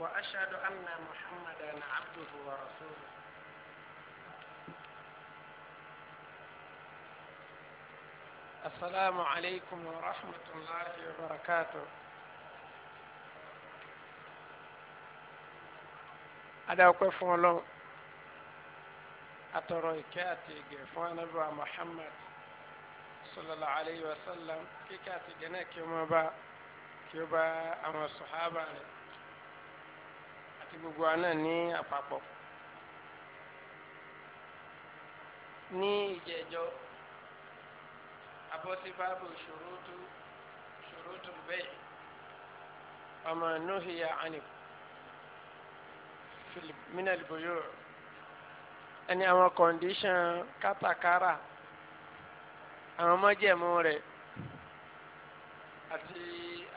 وأشهد أن محمدا عبده ورسوله السلام عليكم ورحمة الله وبركاته أدا وكفون لون أتروي كاتي محمد صلى الله عليه وسلم كي كاتي جنك يوم با كيوبا أما الصحابة عليه. àti gbogbo wa náà ní àpapọ̀ ní ìjẹ́jọ́ abọ́síbáàbò ṣòrótù ṣòrótù bẹ́ẹ̀ ọmọ nóhìyà ànìm minal buyu ẹni àwọn kọ̀ǹdíṣàn kátàkárà àwọn mọ́jẹ̀mú rẹ̀ àti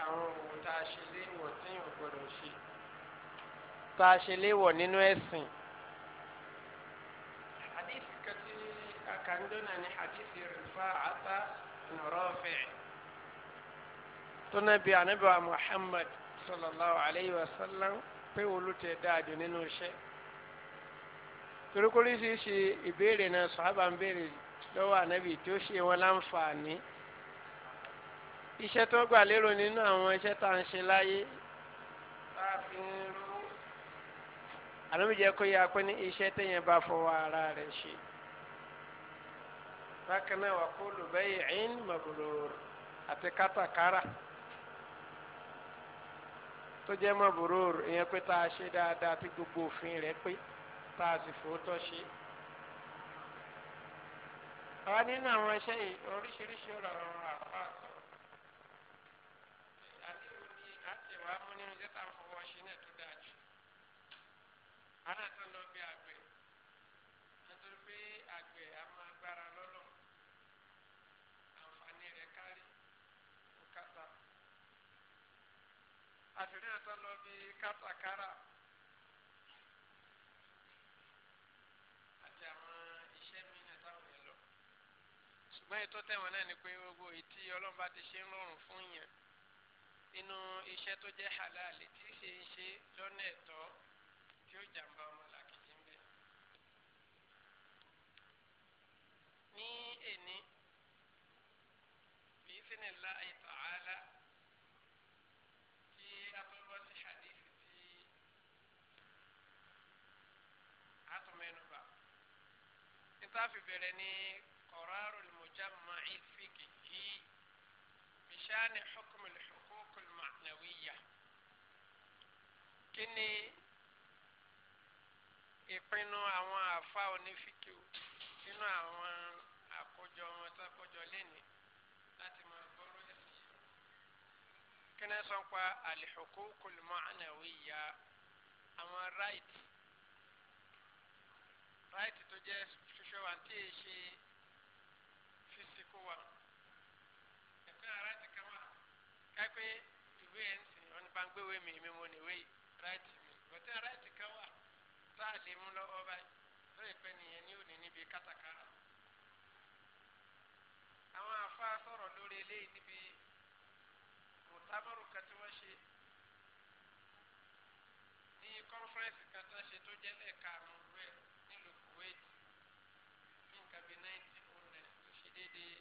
àwọn òwò tá a ṣe léwọ̀ tí yóò gbọdọ̀ ṣe tá a ṣe léwọ̀ nínú ẹ̀sìn. hadith kati akandona ni hadith Rifa'ata bin Rafi' tó nábì ànábì wa Muhammad sallallahu alayhi wa sallam pé olùtẹ̀ dáadọ́ nínú iṣẹ́ torí oríṣiríṣi ìbéèrè náà sọ́hábà ń béèrè lọ́wọ́ ànábì tí ó ṣe wọn láǹfààní iṣẹ́ tó gbà lérò nínú àwọn iṣẹ́ tá à ń ṣe láyé tá rú ànábi jẹ́ kó yẹ akọ ní iṣẹ́ téèyàn bá fọwọ́ ara rẹ̀ ṣe bákan náà wà kó lù bẹ́ẹ̀ ẹ̀yìn màbúròrò àti kátàkárà tó jẹ́ màbúròrò ìyẹn pé tá a ṣe dáadáa tí gbogbo òfin rẹ̀ pé tá a sì fòótọ́ ṣe. àwa nínú àwọn iṣẹ́ yìí oríṣiríṣi ọ̀rọ̀ àwọn àpá àti. aláàtọ̀ lọ bí àgbẹ̀ nítorí pé àgbẹ̀ a máa gbára lọ́lọ́ àǹfààní rẹ̀ kárí òkàtà àtúndì àtọ̀ lọ bí kátàkárà. ṣùgbọ́n ètò tẹ̀wọ̀n náà ni pé gbogbo ìtì ọlọ́run bá ti ṣe ń rọrùn fún yàn nínú iṣẹ́ tó jẹ́ halal tí ṣe ń ṣe lọ́nà ẹ̀tọ́ tí ó jà èní bí sínú ilá ìtọ̀ àálá tí a tó bọ́ sí hadithi tí a tó mẹ́nu bá. níta fi bẹ̀rẹ̀ ní kọ̀rọ̀rù lùmọ̀jámà ìfìkì yìí bishani xukumu lùxukuku lùmọ̀nàwíyà. kí ni àwọn àfa onífìkì nínú àwọn àkójọ wọn tó àkójọ lẹ́ni láti máa gbọ́rọ̀ ẹ̀sìn yìí. kíni sọ pa al-huququl ma'nawiyya àwọn right right tó jẹ́ ṣoṣo wa tí èyí ṣe physical wa ẹ̀kọ́ right kan wà kápẹ́ ìwé ẹ̀ ń sìn wọn bá ń gbéwé mi mi mo níwé right mi bọ̀tẹ́ right kan wà tá a lè mú lọ́wọ́ báyìí lórí pẹ́ nìyẹn ní òní níbi kátàkárà àwọn afa sọ̀rọ̀ lórí eléyìí níbi mùtámọ́rù kan tí wọ́n ṣe ní kọ́nfẹ́rẹ́nsì kan tó ṣe tó jẹ́ lẹ́ẹ̀ka àrùn rẹ̀ nílùú Kuwait ní nǹkan bíi nineteen oh nine tó ṣe déédéé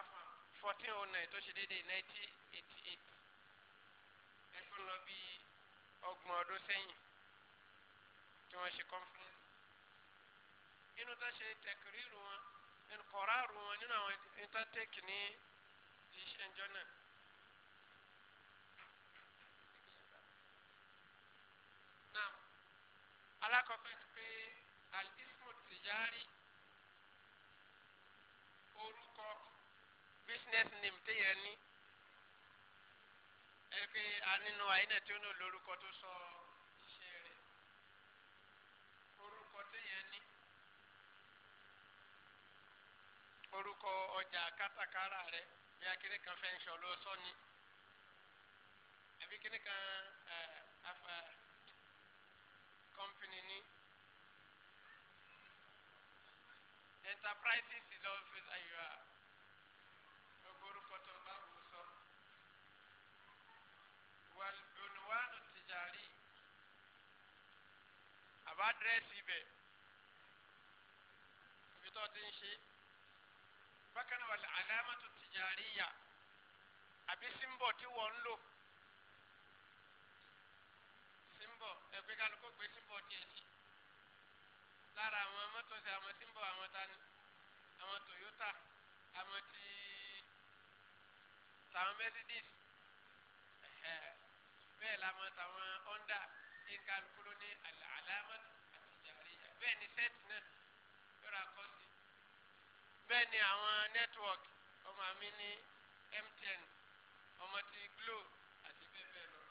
afọ fourteen oh nine tó ṣe déédéé nineteen eighty eight ẹgbẹ́ lọ bíi ọgbọ̀n ọdún sẹ́yìn tí wọ́n ṣe kọ́nfẹ́rẹ́nsì inú tó ṣe tẹ̀kìrì rù wọn kọ̀ọ̀rọ̀ wọn nínú àwọn intanẹ́tẹ̀kì ní iṣẹ́ ìjọ náà. náà alákọ̀ọ́kọ́ ni pé alismo tìjárí orúkọ business name téèyàn ní ẹ pé a nínú àyínà tí ó ní olórúkọ orúkọ ọjà kátàkárà rẹ bí akíní kan fẹ́ ń sọ lọ sọ ni àbí kíní kan afa kọ́mpìnì ni enterprises lọ fi ayọ̀ a gbogbo orúkọ tó bá wù sọ wàlúwàlú tìjàrí àbá dírẹ́sì bẹ̀ ibi tó ti ń ṣe bákan náà wàlẹ̀ alámàtú tìjàríyà àbí símbọ̀ tí wọ́n ń lò símbọ̀ ẹgbẹ́ kálukú gbé símbọ̀ tiẹ̀ sí lára àwọn mọ́tò sí àwọn símbọ̀ àwọn tani àwọn Toyota àwọn ti tàwọn Mercedes bẹ́ẹ̀ làwọn tàwọn Honda ní kálukú ló ní alámàtú tìjàríyà bẹ́ẹ̀ ni sẹ́ẹ̀tì náà yọ̀rọ̀ àkọsí bẹ́ẹ̀ ni àwọn network ọmọ mi ní MTN ọmọ ti Glo àti bẹ́ẹ̀ bẹ́ẹ̀ lọ.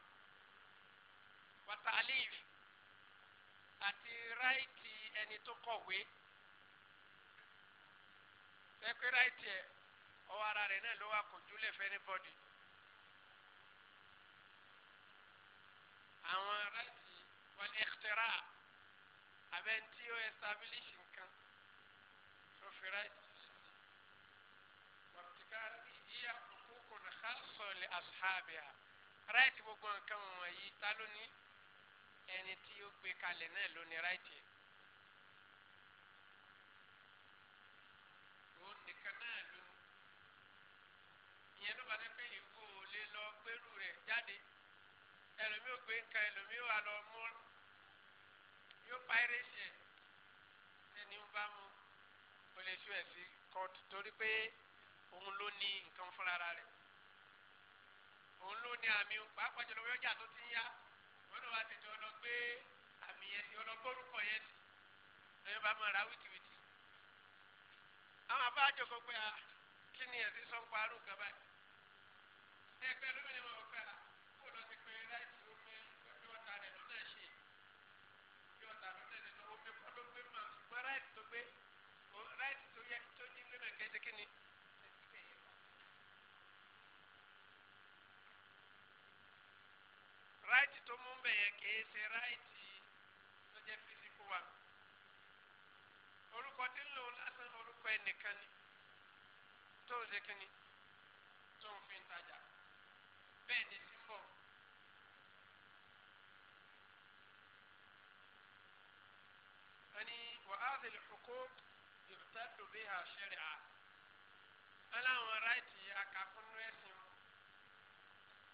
watalif àti ráìtì ẹni tó kọ̀wé pẹ́pẹ́ ráìtì ẹ̀ ọwọ́ ara rẹ̀ náà ló wà kò júlẹ̀ fẹ́ ní bọ́dì. àwọn ráìtì wal ikhtira abẹ́ntí ó establish nǹkan tó fi ráìtì. tarsul ashabiha ráìtì gbogbo nǹkan wọ̀nyí ta lónìí ẹni tí ó gbé kalẹ̀ náà lónìí ráìtì yẹn. òun nìkan náà ló ní ìyẹn ló bá dé pé ìwú ò lè lọ gbérù rẹ̀ jáde ẹlòmíì ò gbé nǹkan ẹlòmíì wà lọ mú yóò pàrẹsì ẹ ẹni ń bá mu ó lè ṣú ẹ sí kóòtù torí pé òun ló ní nǹkan fúnra rẹ̀. òun ló ní àmì pàápàá jùlọ wọ́n yọjà tó ti ń yá wọ́n lọ́wọ́ àtẹ̀jọ lọ gbé àmì yẹn ti ọlọ́gbórúkọ yẹn ti ẹ̀yọ́ bá máa ra wìtìwìtì. àwọn abájọ kọ pé kí ni ẹ̀sìn sọ́ńpa arúgbó báyìí. ẹgbẹ́ lómìnira ń bẹ̀ yẹn kìí ṣe ráìtì tó jẹ́ físíkù wa orúkọ tí ń lò lásán orúkọ ẹnìkan ni tó ń ṣe kínní tó ń fi ń tajà bẹ́ẹ̀ ni símbọ̀. ani wàhálà ìlúkọ yòtá tó bí àṣẹrẹ à. aláwọn ráìtì akàkúnnú ẹ̀sìn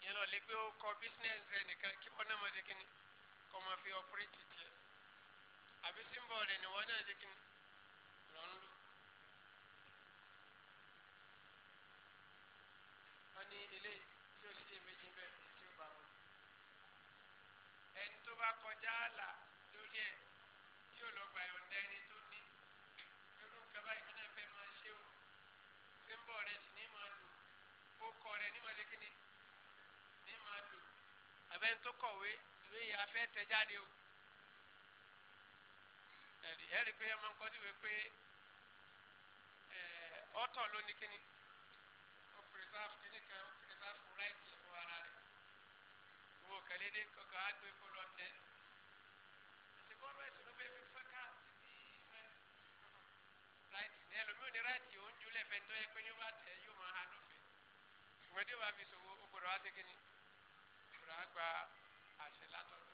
yẹn náà lè pé ó kọ bísínẹ́sì rẹ nìkan kí wọ́n náà máa ṣe kíni kọ́ máa fi ọ̀pẹ́rẹ́tì tiẹ̀ àbí símbọ̀ rẹ̀ ni wọ́n náà ṣe kíni lọ́n lù. wọ́n ní eléyìí tí ó ṣe méjì bẹ́ẹ̀ tí ó bá wọn. ẹni tó bá kọjá àlà. abẹ́ni tó kọ̀wé ìwé yìí afẹ́ tẹ jáde o ẹ̀rí ẹ̀rí pé ẹ máa ń kọ́ sí ìwé pé ọ̀tọ̀ ló ní kíni ó preserve kíní kan ó preserve right fún ara rẹ̀ ìwọ kẹlẹ́dẹ́ kọ̀ọ̀kan á gbé kó lọ tẹ̀ ṣùgbọ́n ọ̀rọ̀ ẹ̀sìn ló bẹ́ẹ̀ fi fọ́nká right ní ẹlòmíràn ní right yìí ó ń jólẹ̀ fẹ́ tó yẹ pé yóò bá tẹ̀ yóò máa hanú fẹ́ ìwé tí ó fi sòwò á gba àṣẹ látọ̀dọ̀.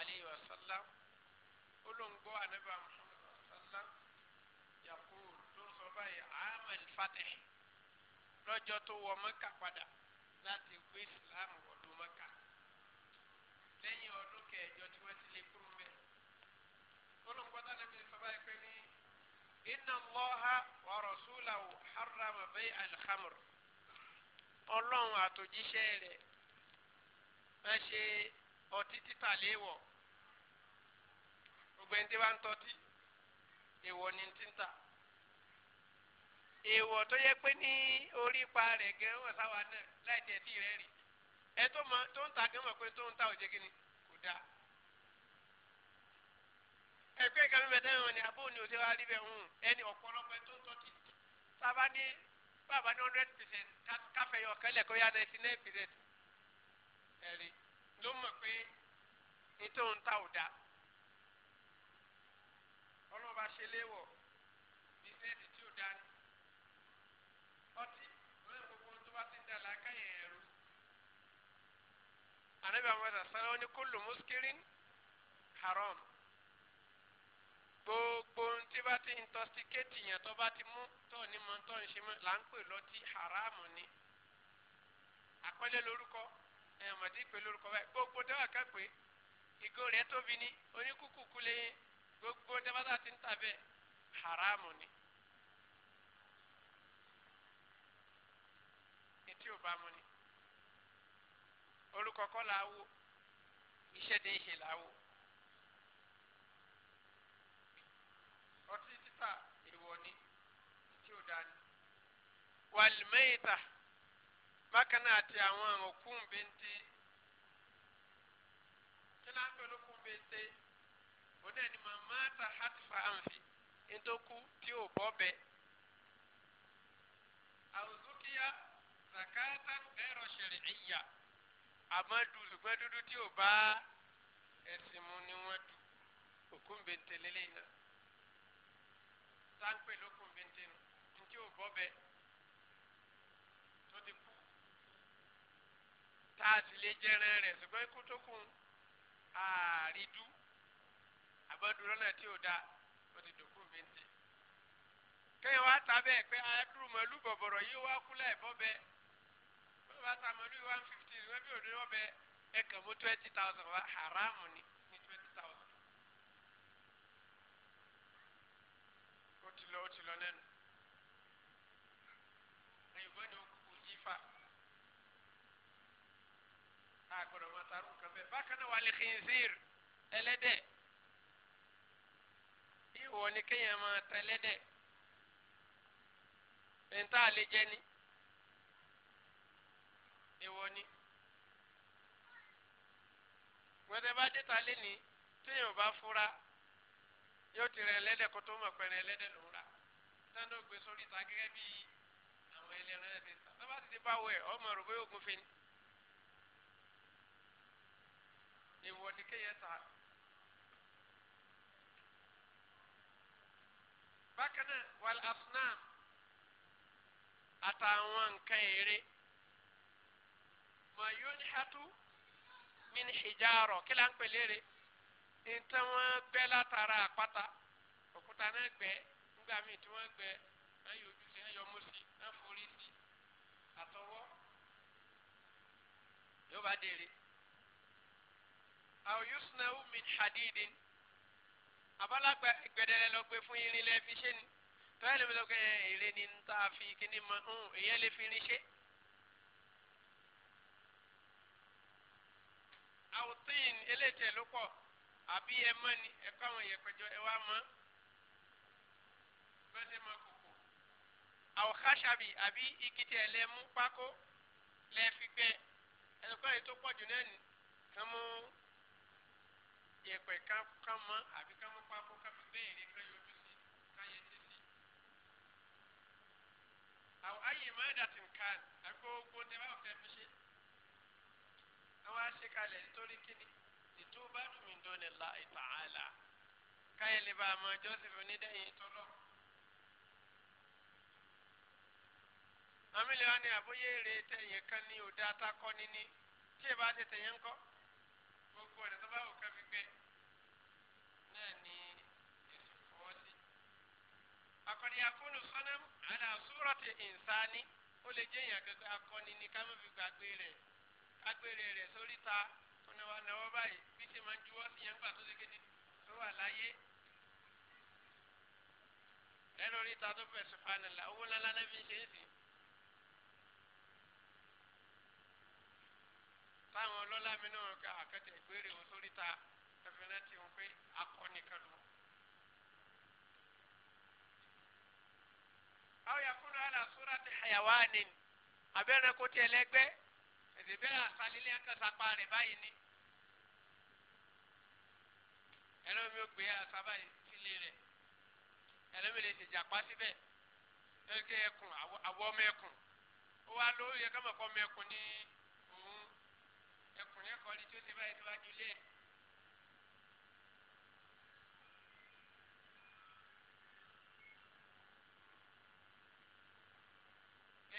alayhi wa sallam olóńgbò anabi muhammad wa sallam yakul tó ń sọ báyìí amal fatih lọ́jọ́ tó wọ mẹ́ka padà láti gbé islam wọ̀lú mẹ́ka lẹ́yìn ọdún kẹjọ tí wọ́n ti lè kúrò mẹ́ olóńgbò anabi sọ báyìí pé ní inna allaha wa rasulahu harrama bay al-khamr ọlọ́run àtòjíṣẹ́ rẹ̀ wọ́n ṣe ọtí títà léèwọ̀ gbogbo ẹni tí wọ́n ń tọ́tí èèwọ̀ ni ti ń tà èèwọ̀ tó yẹ pé ní orí ipa rẹ̀ gẹ́rẹ́ wọ̀ sáwa náà láì tẹ̀ tí rẹ̀ rì ẹ tó mọ tó ń ta gẹ́gẹ́ mọ̀ pé tó ń ta òjé kí ni kò dáa ẹgbẹ́ ìkàwé mẹ́ta ẹ̀wọ̀n ni àbó ni òde wa rí bẹ́ẹ̀ hùn ẹni ọ̀pọ̀lọpọ̀ tó ń tọ́tí sábà ní bàbá ní hundred percent káfẹ́ yọ kẹ́lẹ̀ kó yá ninety nine percent ẹ̀rí ló mọ̀ pé ètò ń ta ò dáa ṣe léwọ̀ bísíǹsì tí ó dání ọtí lórí gbogbo tó bá ti ń da làákàyè ẹ̀rú. ànábì àwọn ẹ̀sà sáré ní kullu muskirin haram gbogbo tí bá ti intoxicate yẹn tó bá ti mú tó ní mọ tó ń ṣe mọ là ń pè lọtí haramu ni àpẹẹlẹ lórúkọ ẹ mọ̀tí pé lórúkọ báyìí gbogbo dáwà ká pé ìgò rẹ̀ tóbi ní oníkúkú kúlẹ̀ yẹn gbogbo dẹ́mátà ti ń tà bẹ́ẹ̀ haramu ni. Etí ò bá mu ni. Orúkọ kọ́ la wo, iṣẹ́ de ṣe la wo. Ọtí títà èèwọ̀ ni, etí ò dáa ni. bákan náà àti àwọn òkú ń bẹ́ntẹ́. Kí ló ń pẹ́ lókun bẹ́ntẹ́? òun náà ni màmá ta hatifa àǹfì ntókù tí ò bọ́ bẹ. àwùzúkìá zakata ẹ̀rọ ṣẹlẹ̀ ìyà àmọ́dù ṣùgbọ́n dúdú tí ò bá ẹ̀sìn mu ni wọ́n dù òkú ń bẹ̀ntẹ̀ lélẹ́yìn náà sáńpẹ̀ ló kún bẹ̀ntẹ̀ nù ntí ò bọ́ bẹ tó ti kú tá a sì lè abaduro náà tí o da o ti dòkú mi ti kẹyìn wa ta bẹẹ pé adúrú mọlú bọbọrọ yìí wá kú láì bọ bẹẹ bẹẹ bá ta mọlú yìí one fifty wọn bí òde wọn bẹ ẹ kàn mú twenty thousand wa haramu ni ni twenty thousand o ti lọ o ti lọ nẹnu ìwé ni o kúkú jí fa a gbọdọ̀ mọ̀ta rú nǹkan bẹ́ẹ̀ bákan náà wà lè xinzir ẹlẹ́dẹ̀. ìwọ ni kéèyàn máa tẹlẹ́dẹ̀ pẹ̀ntà lè jẹ́ ni ìwọ ni gbẹdẹ bá dé ta lé ní téèyàn bá fura yóò ti rẹ̀ ẹlẹ́dẹ̀ kó tó mọ̀ pẹ̀rẹ̀ ẹlẹ́dẹ̀ ló ń rà dáná ó sórí ìta gẹ́gẹ́ bí àwọn ẹlẹ́rìn ẹ̀dẹ̀ ta tó bá ti di báwo ẹ̀ ọmọ rò ogun fi ni ìwọ ni kéèyàn ta. bákan náà wal asnam àtàwọn nǹkan èrè ma yunhatu min hijaro kí là ń pè léèrè nǹkan wọn gbẹ́ látara àpáta òkúta náà gbẹ́ nígbà míì tí wọ́n gbẹ́ náà yóò ju sí náà yọ mú náà forí sí àtọwọ́ yóò bá dèrè. aw yusnau min hadidin àbálàgbà gbẹdẹrẹ lọ gbé fún irin lẹ fi ṣe ni tọ́yà lè lọ èrè ni tá a fi kíní mọ ń èyẹ lè fi irin ṣe. àwòtín eléjẹ ló pọ̀ àbí ẹ mọ́ ni ẹ kọ́ àwọn ìyẹ̀pẹ̀jọ ẹ wá mọ́ bẹ́ẹ̀ mọ́ kòkò. àwòkáṣàbì àbí igi tí ẹ lẹ mú pákó lẹ fi gbẹ ẹnìkan yìí tó pọ̀ jù náà nì kán mú ìyẹ̀pẹ̀ kán mọ́ àbí kán mọ́ béèrè kan yọjú sí káyé títì. àwọn ayé máa dàtí nǹkan agbóògbó tẹ báwo fẹ́ fi ṣe. àwọn aṣekalẹ̀ nítorí kíni ètò bá tún mi dọ́ni la ta'ala káyé lè bá a mọ joseph onídẹ́yìn tó lọ. àmì lè wá ní àbóyé èrè tẹ̀yìn kan ní òde atakọ́ni ní tí ì bá ti tẹ̀yìn ń kọ́. fakọni akunu sọnam ala surati insani o lè jẹ́ èèyàn kankan akọni ni ká má fi gbàgbé rẹ̀ agbèrè rẹ̀ sórí ta tó náwó náwó báyìí bí ṣe máa ń juwọ́ sí yẹn gbà tó ṣe kéde tó wà láyé lẹ́nu orí ta tó bẹ̀ subhanallah owó ńláńlá náà fi ń ṣe é sí. táwọn ọlọ́lá mi náà ká àkẹ́tẹ̀ ìgbèrè wọn sórí ta ẹ̀fẹ̀ náà ti wọn pé akọni kan àwọn yakunu ala sura ti hayawaani abẹ́rẹ́ kó tiẹ̀ lẹ́gbẹ́ ètò ìbẹ́rẹ́ àsálílẹ̀ akásapá rẹ̀ báyìí ni ẹlẹ́mi ó gbé àsábà sílé rẹ̀ ẹlẹ́mi lè tẹ̀jà pa síbẹ̀ ẹ̀kẹ́ ẹkùn àwọ̀ ọmọ ẹkùn ó wá lóye kọ́mọ̀kọ́ ọmọ ẹkùn ní òun ẹkùn yẹn kọ́ ni tí ó ti báyìí tó bá ju lé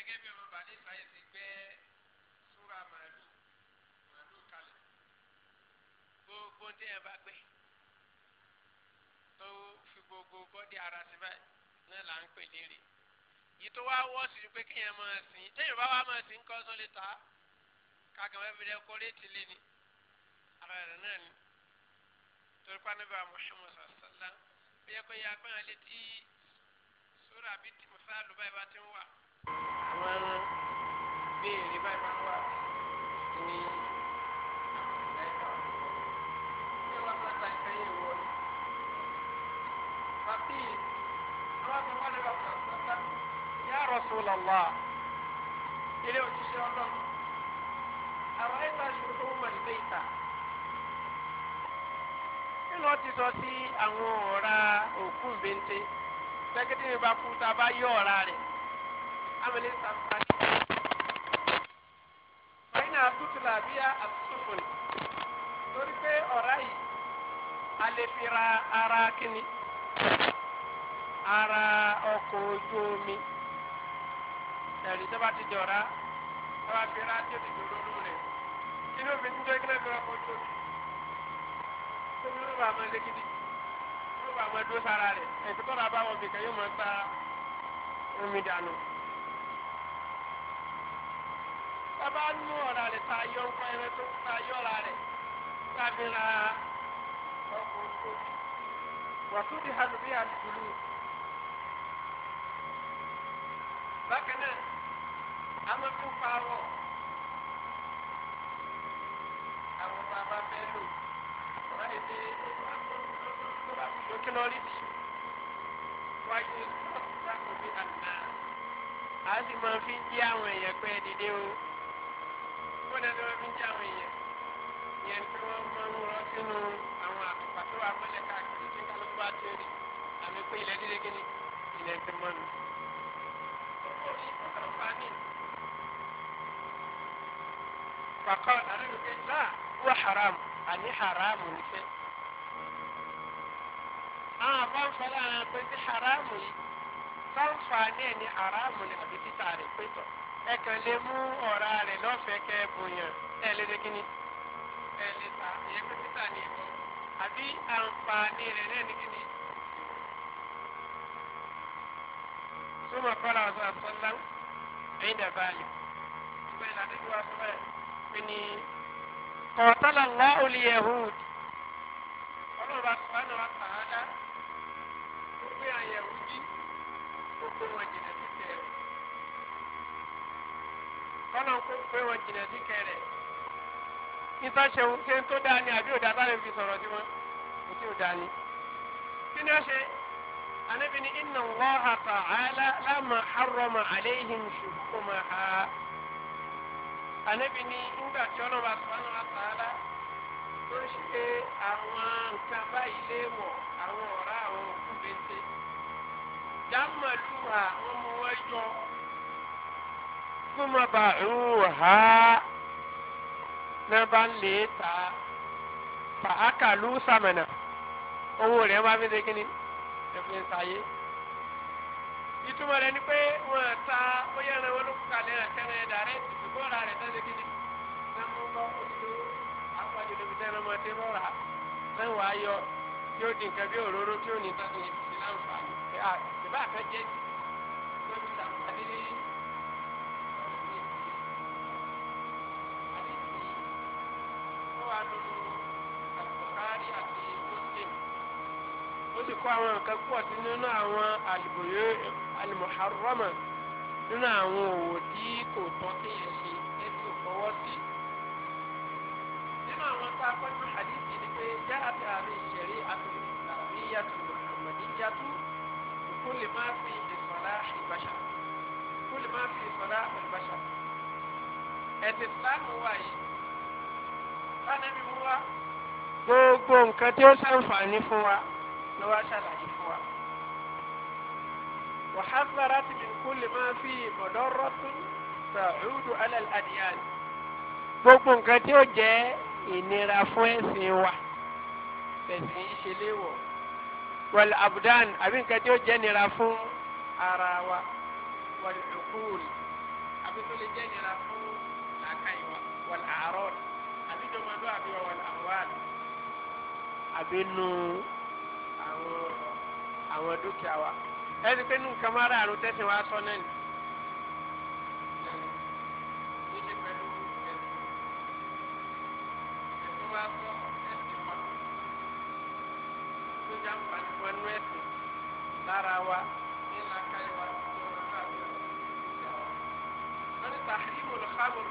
gẹ́gẹ́ bí ọmọ bàdé ìsàyè ti gbẹ́ súra màálù màálù kalẹ̀ gbogbo ń tẹ́yẹ̀ bá gbẹ́ tó fi gbogbo bọ́dí ara sí báyìí náà là ń pè léèrè yìí tó wá wọ́ sí pé kéèyàn máa sìn téèyàn bá wá máa sìn kọ́ sólè ta kákan wẹ́n fi dẹ́ kó létí lé ni ara rẹ̀ náà ni torí pa níbi àwọn Muhammad sallam bí ẹ kó yẹ agbọ́n létí súra bíi tìmùsá lùbáyìí bá ti ń wà. àwọn béèrè báyìí máa wà ní nàìjíríà ṣé wàá máa gba wọ ni. bàbí àwọn àgbàgbọ́ lè wà fún àgbàgbà yà Rasulullah ilé òṣìṣẹ́ ọlọ́run àwọn ẹ̀ka ìṣòro tó wọ́n mọ̀ ìta nínú ọtí sọ sí àwọn ọ̀ra òkú bẹ́ńté tẹ́kẹ́tẹ́ mi bá kú tá a bá yọ rẹ̀. عمل صالح فإنها تتلى بها السفن torípé ọ̀rá yìí a lè fi ara kíni ojú omi ẹ̀rí tó bá ti jọra tó bá fi ra o ti dòdò lù rẹ̀ kí ni òfin tó kílẹ̀ fi ọkọ̀ ojú omi tó ní ló bá máa lé gidi ló bá máa dó sára rẹ̀ ẹ̀kú tó ra bá wọn bìkan yóò máa gba omi dànù. sábà nú ọ̀rá rẹ̀ tá a yọ ọkọ ẹrẹ tó tá a yọ ọ̀rá rẹ̀ sábẹ́ ra ọkọ̀ ojú wàtú di hàlù bí àdùlù. bákan náà àwọn tó fa awọ àwọn bàbá fẹ́ lò wọ́n lè dé tó bá fi lókè lọ́rí bí wáyé lọ́kùnrin àná. a sì máa fi ń jí àwọn èèyàn pé dídé o gbọ́dọ̀ ní wọn fi ń jẹ àwọn èèyàn ìyẹn tí wọ́n máa ń rọ sínú àwọn àtùpà tó wà mọ́lẹ̀ káàkiri tí kálukú bá ti rí àmì pé ilẹ̀ dídé gíní ilẹ̀ ti mọ́ nu. Fakọ́ àdánù pé náà wọ́n haram àní haram nífẹ̀ẹ́. Àwọn àbá ń fọlá àwọn haram yìí, sáǹfà ní ẹni haram ní àbí títà rẹ̀ pé ẹ kàn lè mú ọ̀rá rẹ̀ lọ́fẹ̀ẹ́ kẹ́ bòyàn ẹ lè dé kíni ẹ lè ta ìyẹn pé títà ní ìbọn àbí àǹfààní rẹ̀ náà ní kíni. súnmọ́ kọ́lá ọ̀sán àtọ́lá ẹ̀yìn dàbà yìí ṣùgbọ́n ìlànà ìwà sọ́mọ́ ẹ̀ pé ní kọ̀ọ̀tàlá ńlá olè yehud ọlọ́run bá sọ̀rọ̀ àná wa tààdá ó gbé àyẹ̀wò jí gbogbo wọn jìnnà. kọ́nà kó pé wọn jìnà sí kẹrẹ̀ nípa ṣẹ̀wọ̀n ṣe ń tó dáa ni àbí òdà bá lè fi sọ̀rọ̀ sí wọn kò tí ò dáa ni. kí ni ó ṣe anabi ni inna Allaha ta'ala lama harrama alayhim shukumaha anabi ni ńgbà tí ọlọ́ba subhanahu wa ta'ala tó ń ṣe àwọn nǹkan báyìí léèwọ̀ àwọn ọ̀rá àwọn òkú bẹ́ńtẹ́ jámàlúhà wọn mú wájọ súnmọ́ bá rúù ha náà bá ń lè ta fàákà lù sàmìnà owó rẹ̀ wá fi ṣe kínní ẹ̀fẹ̀ ń sáyé. ìtumọ̀ rẹ̀ ni pé wọ́n ta bóyá ẹran wọn ló kú kalẹ̀ rẹ̀ kẹ́rin ẹ̀dá rẹ̀ ṣùgbọ́n ọ̀rá rẹ̀ tẹ́lẹ̀ kínní náà mú bọ́ òṣìṣẹ́ àpàjù lóbi tẹ́lẹ̀ mọ́ tẹ́lẹ̀ ọ̀rá náà wàá yọ tí ó di nǹkan bí òróró tí ó ní tàbí ìlànà ìbá àfẹ́jẹ́ ti. kó àwọn nǹkan pọ̀ sí nínú àwọn àlùbọ̀yé àlùmọ̀hárọ́mà nínú àwọn òwò tí kò tọ́ kéèyàn ṣe ẹbí ò fọwọ́ sí. nínú àwọn tá a kọ́ nínú hadithi ni pé yá àti àmì ìṣẹ̀rí àtúntò àbíyàtò muhammadiyatu kulli ma fi ìsọ̀lá ìbáṣà kulli ma fi ìsọ̀lá ìbáṣà. ẹ̀sìn ìsìláàmù wà yìí sáà nẹ́bí mú wa. gbogbo nǹkan tí ó ṣàǹfààní fún wa ló wá ṣàlàyé fún wa. وحذرت من كل ما فيه مضرة تعود على الأديان gbogbo nǹkan tí ó jẹ́ ìnira fún ẹ̀sìn wa ẹ̀sìn yìí ṣe léwọ̀ wal abdan àbí nǹkan tí ó jẹ́ ìnira fún ara wa wal uqul àbí tó lè jẹ́ ìnira fún làákàyè wa wal a'rad àbí jọmọdún àbí wal amwal àbí nù àwọn àwọn dúkìá wa ẹni pé nǹkan máa ráàrún tẹ́sán wa sọ náà ni. lára wa ní làákàyè wa ní ọ̀nà káàkiri ìyá wa. wọ́n ní tàhíìmù lọ́kàbọ̀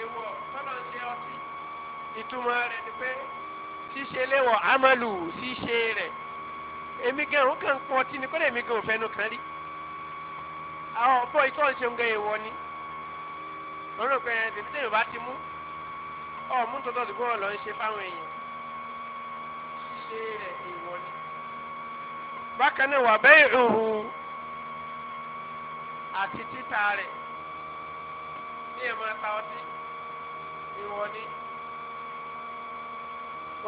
èèwọ̀ tọ́lọ̀ ń ṣe ọtí ìtumọ̀ rẹ̀ ni pé ṣíṣe léwọ̀ amalu ṣíṣe rẹ̀ èmi gan òun kàn pọ̀ tí ni kọ́lẹ̀ èmi gan òfẹ́ nu kan rí àwọn ọ̀bọ ìtọ́ ṣe ń gẹ èèwọ̀ ni wọ́n rò pé tèmi tèmi bá ti mú ọ̀mú tó tọ́jú gbọ́n lọ ń ṣe fáwọn èèyàn ṣíṣe rẹ̀ èèwọ̀ ni. bákan náà wà bẹ́ẹ̀ ìhù àti títà rẹ̀ ní ẹ̀ máa ta ọtí èèwọ̀ ni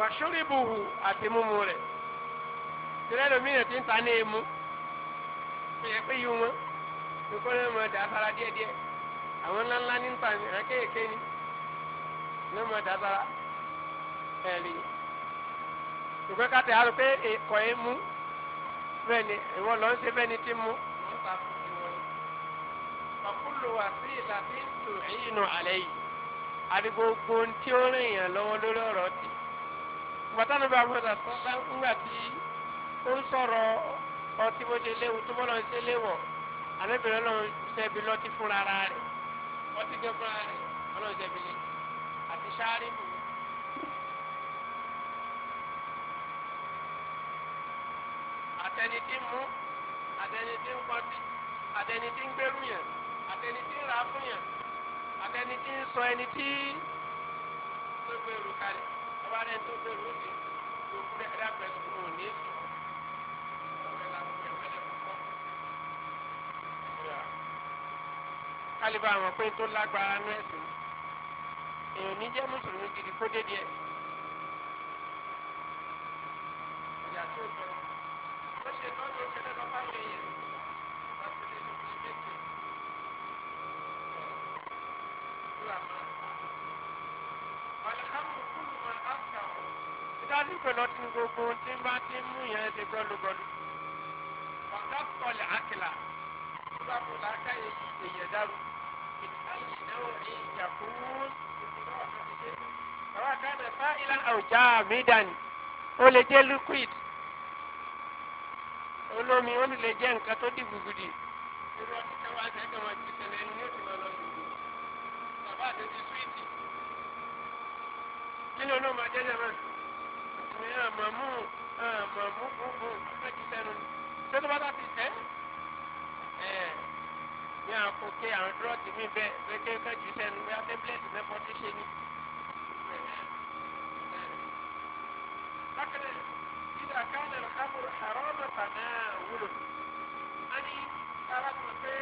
wàṣúrìbùhù àti mímu rẹ̀ tìrẹ́ lómi yẹn ti ń ta ní emu ìyẹn pé yìí wọn nǹkan náà mọ̀ dà sára díẹ̀díẹ̀ àwọn ńláńlá ní ń ta ní àwọn kéèké ni ní mọ̀ dà sára ẹ̀rí ìgbẹ́ káta yàrá pé ẹ̀kọ́ ẹ̀ mú bẹ́ẹ̀ ni ìwọ lọ́n ṣe bẹ́ẹ̀ ni ti mú ọkùnrin wa sí ìlànà tó ẹ̀yìn nù àlẹ́ yìí àdìgbò gbòǹtì ó rìn yàn lọ́wọ́ lórí ọ̀rọ̀ tì bàtà ló bá wọlé sọlá ńgbà tí ó ń sọ̀rọ̀ ọtí bó ṣe léwu tó bọ́lọ̀ ṣe léwọ̀ àmẹ́bìnrin náà ṣẹ́bi lọ́tí fúnra rẹ̀ ọtí gẹ́ fúnra rẹ̀ ọlọ́run ṣẹ́bi lé àti sáré bù. àtẹni tí ń mú àtẹni tí ń pọtí àtẹni tí ń gbẹrú yẹn àtẹni tí ń rà fún yẹn àtẹni tí ń sọ ẹni tí ń gbẹrú kalẹ̀ ọba rẹ tó bẹ̀rù ó di tó kúrẹ́ ẹ̀dàgbẹ́ tó kúrò ní èso ọ̀rẹ́ la gbé ẹ̀mẹ́lẹ̀ kálíbà àwọn pé tó lágbára ní ẹ̀sìn èèyàn ní jẹ́ mùsùlùmí gidi kó dé díẹ̀. ìyá tó tọ́ ó ṣe tọ́jú ó ṣe lẹ́nu ọba yẹn yẹn. lálùkò lọ tún gbogbo tí ń bá ti mú yẹn ti gọlùgọlù. ọ̀gá kọlẹ̀ àkìlà nígbà tó láká èèyàn dárò ìtàyè náà ní ìyàkúrú àwọn àkànnà fá ìlànà àwùjá mídàn ó lè jẹ́ liquid olómi ó lè jẹ́ nǹkan tó dìgbùgùdì. irú ọtí kan wá sẹ́kẹ̀ wọn ti mẹ́rin ní àmọ̀mú àmọ̀mú gbogbo méjì sẹ́nu ni sẹ́nu bá bá ti tẹ́ ẹ̀ ní àkókè àwọn dúrọ́ọ̀tì mi bẹ́ẹ̀ lẹ́kẹ́ kẹ́jù sẹ́nu bí atẹ́bílẹ̀tì mẹ́fọ́ ti ṣe ni. lákàlẹ̀ ìdá kánẹ̀ lọ́kàmùrù àrọ́ọ̀mọ̀ tàná wúlò. a ní arákùnrin pé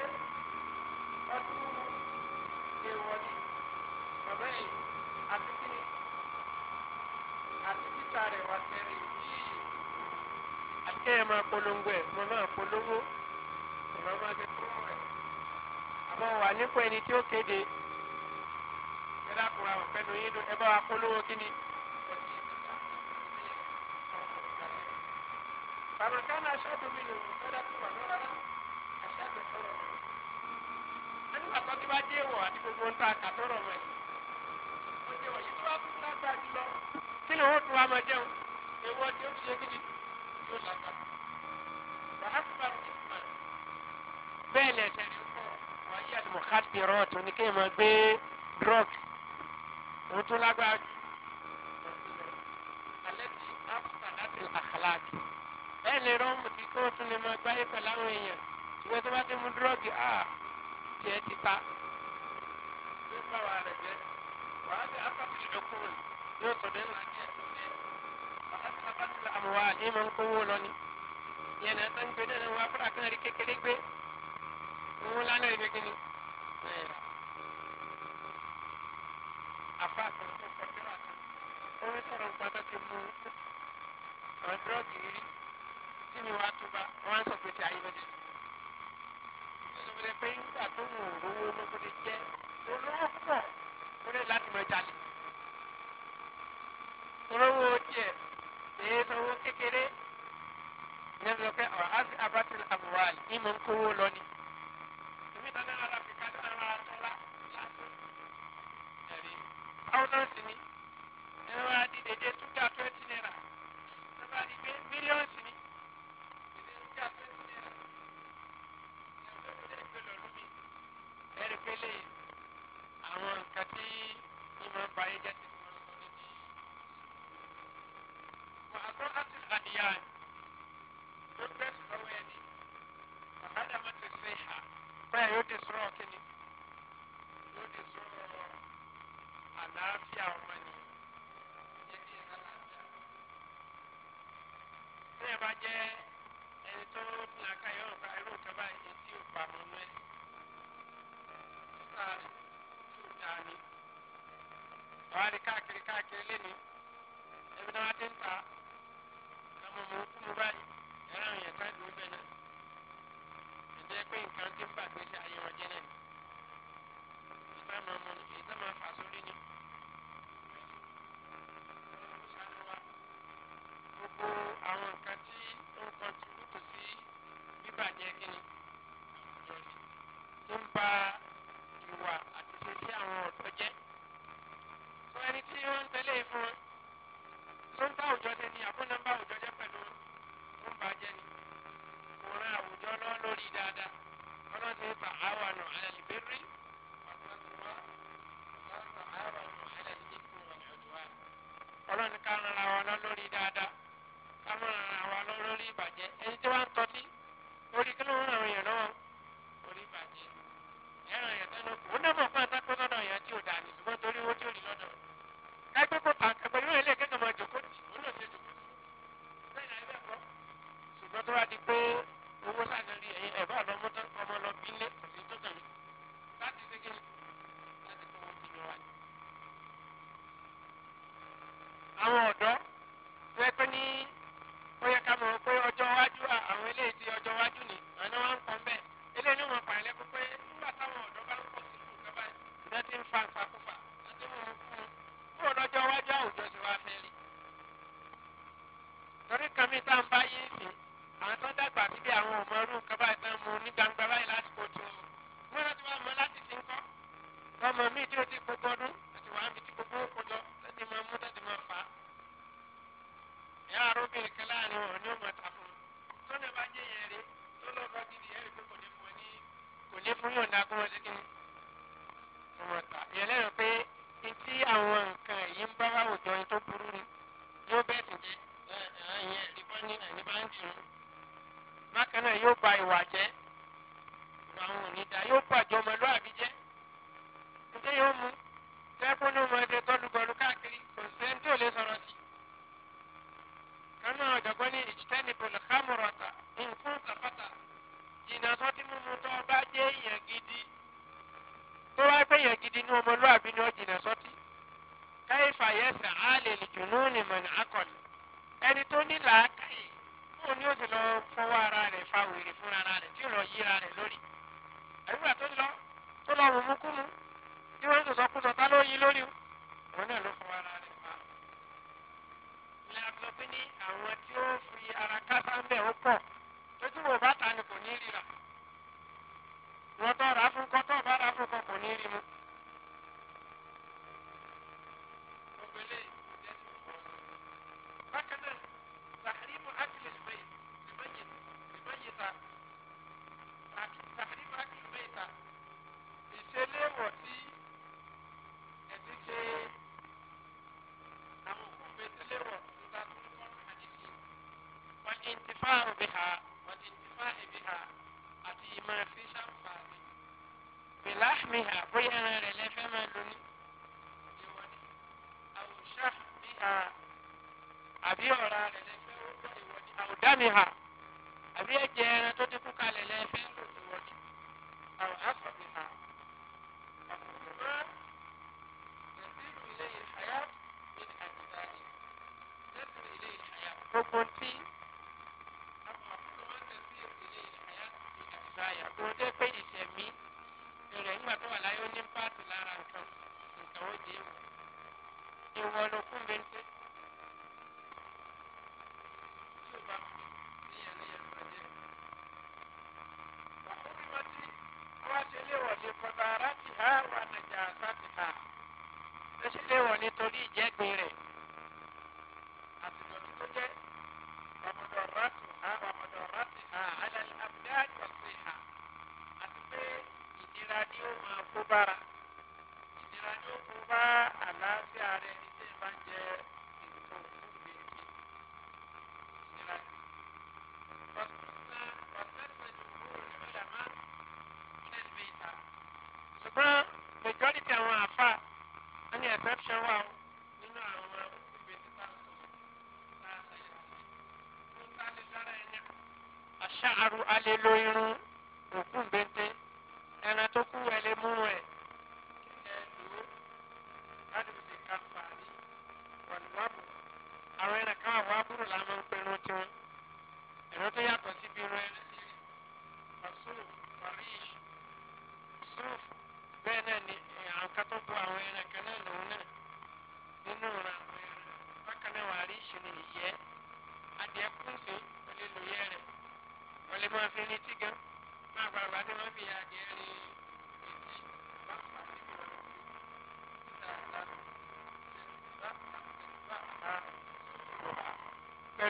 ọdún èèwọ̀ ni bàbá yìí. títà rẹ̀ wá sẹ́rí yìí àti ẹ̀ máa polongo ẹ̀ mo máa polówó ìmọ̀ máa fi kúrò rẹ̀ àmọ́ wà nípò ẹni tí ó kéde ẹ dákun àwọn pẹ̀lú yín ẹ bá wa polówó kí ni. فمن كان أشد منه فلكم ونورا أشد حرما nígbà tó ti bá dé wọ̀ àti gbogbo ń ta àkàtọ́rọ̀ mọ́ ẹ̀ ó dé wọ̀ yìí tó bá kú lágbàá jùlọ kí ni wọ́n tún wá máa jẹun èèwọ̀ tí ó ti ṣe gidi yóò lágbá. wàhálà ti pa bẹ́ẹ̀ lẹ̀ tẹ̀lé pọ̀ wàyí àdìmọ̀kátì rọ̀ọ̀tù ni kéèyàn máa gbé drug òun tún lágbára jù. alẹ́ ti áfíríkà láti àkàlàkì bẹ́ẹ̀ lè rán mùtí kó o tún lè máa gbáyé pẹ̀lú àwọn èèyàn ṣùgbọ́n tó bá ti mú drug á tiẹ̀ ti ta. ló bá wà rẹ̀ jẹ́ wàá ti áfíríkà lè dọ́kúrò yìí ní ọ̀sọ̀dọ̀ ẹ̀ máa kí ẹ̀ tó lé ọ̀sán tí wọ́n ti àmọ́ wa ní mọ̀ ń kówó lọ ni ìyẹn náà tó ń gbé náà wọ́n afúrà kan rí kékeré gbé owó lánàá ìgbé kí ni. àfa àtúntò kọjá àtúntò ó ń olówó jẹ èyí sanwó kékeré ní ọjọ́ pé ọ̀hásí abátìlì àbúwá yìí mọ̀ ń kówó lọ Amen. lè fún tó ń bá àwùjọ jẹ ni àbúrò ń bá àwùjọ jẹ pẹ̀lú tó ń bàjẹ́ ni kò ran àwùjọ lọ lórí dáadáa ọlọ́run ti fa àwọn àna àlẹ́ ìbéèrè. ọ̀dọ́ tó ẹ pé ní bóyá ara rẹ̀ lẹ́fẹ́ máa lò ní òde wọlé àwòṣá bí a àbí ọ̀ra rẹ̀ lẹ́fẹ́ ó gbọ́ ìwọlé àwòdá mi hà àbí ẹ̀jẹ̀ ẹran tó ti kú kalẹ̀ lẹ́fẹ́. nítorí ìjẹ́gbin rẹ̀.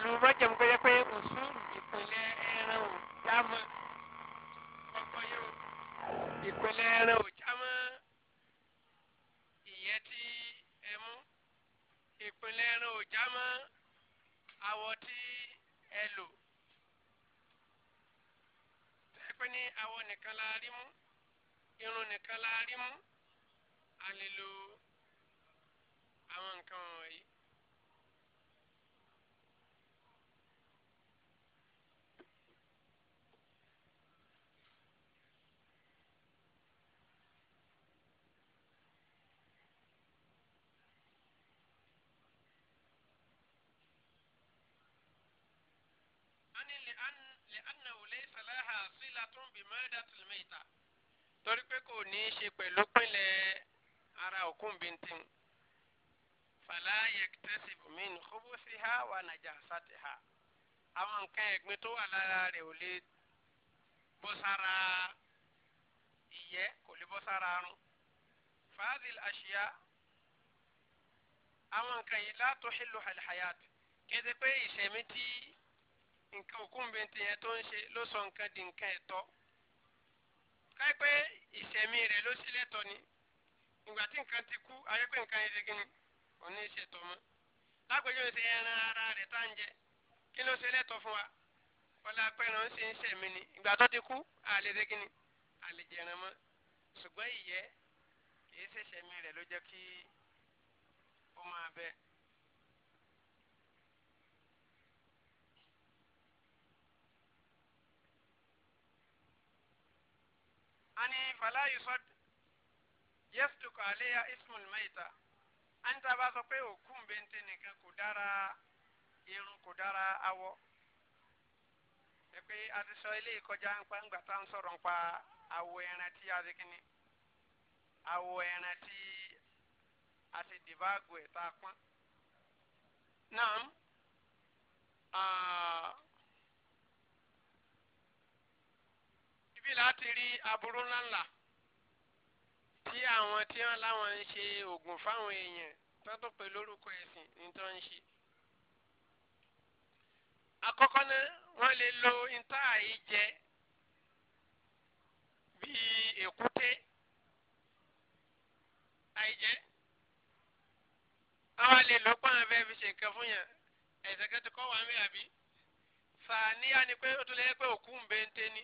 pẹ̀lú májèmú pé pé òṣùn ìpínlẹ̀ ẹran ò já mọ́ ọkọ yóò ìpínlẹ̀ ẹran ò já mọ́ ìyẹn tí ẹ mú ìpínlẹ̀ ẹran ò já mọ́ àwọ̀ tí ẹ lò ẹ pé ní àwọ̀ nìkan la rí mú irun nìkan la rí mú a lè lo àwọn nǹkan wọ̀nyí. لأن لأنه ليس لها صلة بمادة الميتة torí pé kò ní í ṣe pẹ̀lú pínlẹ̀ ara òkun bíntín fala yaktasib min khubusiha wa najasatiha àwọn nǹkan ẹ̀gbin tó wà lára rẹ̀ ò lè bọ́ sára ìyẹ́ kò lè bọ́ sára arún fadil ashiya àwọn nǹkan yìí la tuhillu al hayat kéde pé ìṣẹ̀mí tí nǹkan òkúńbẹ̀ntì yẹn tó ń ṣe ló sọ nǹkan di nǹkan ẹ̀tọ́ káyipẹ́ ìṣẹ̀mí rẹ̀ ló sì lẹ́tọ̀ ni ìgbà tí nǹkan ti kú ayẹ́pẹ́ nǹkan yẹn ti gbìn òní ìṣètò mọ́ lágbèjọ́ ìṣe ẹran ara rẹ̀ tá ń jẹ kí ló ṣe lẹ́tọ̀ fún wa wọlé apẹ́ran ń ṣe ń ṣẹ̀mí ni ìgbà tó ti kú àlè ti gbìn àlè mọ́ ṣùgbọ́n ìyẹ́ kì í ṣẹ̀ṣẹ̀mí rẹ̀ ló jẹ́ kí ó máa bẹ́ẹ̀. ani fala yusod yastuk aleya ismul maita ani tá a bá sọ pé òkú bẹ́ntẹ́ nìkan kò dára irun kò dára awọ ẹ pé a ti sọ ilé ìkọjá ń a ti kíni awọ ẹran tí a ti dìbàgò ẹ̀ níbí láti rí aburú ńláńlá tí àwọn tí wọn láwọn ń ṣe oògùn fáwọn èèyàn tọ́tún pé lórúkọ ẹ̀sìn ní tó ń ṣe. àkọ́kọ́ náà wọ́n lè lo intaa yìí jẹ bíi èkúté àìjẹ́ àwọn lè lò pọ́n abẹ́ fi ṣe nǹkan fún yàn ẹ̀sẹ̀ kẹ́tù kọ́ wà ń bẹ̀ àbí. fàníyà ni pé ó tún lè pé òkú ń bẹ́ńtẹ́ ni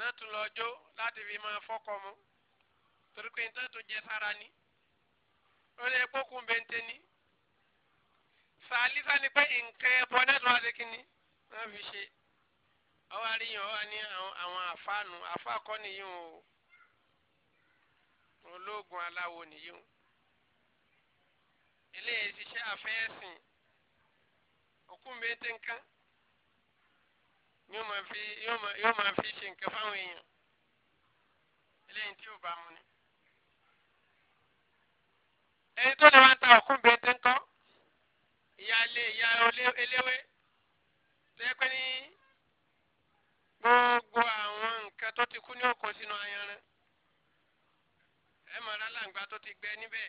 náà tún lọ jó láti fi máa fọ́kọ mu torí pé nítorí tó jẹ sára ni ó lè kókun bẹ́ńtẹ́ ni sàlísà ni pé nǹkan ẹbọ náà tún wá sí kínní wọ́n fi ṣe ọwọ́ àríyàn wà ní àwọn àfáànù àfáàkọ́ nìyí o olóògùn aláwo nìyí o eléyìí ti ṣe àfẹ́sìn òkú bẹ́ńtẹ́ nǹkan yóò máa fi yóò máa yóò máa fi ṣe nǹkan fáwọn èèyàn eléyìí tí ò bá mu ni. ẹni tó lè wá ta òkú bẹ́ẹ̀ ńkọ́ ìyá ilé ìyá eléwé tó yẹ pé ní gbogbo àwọn nǹkan tó ti kú ní òkú sínú ayanran ẹ mọ̀ lálàǹgbá tó ti gbẹ níbẹ̀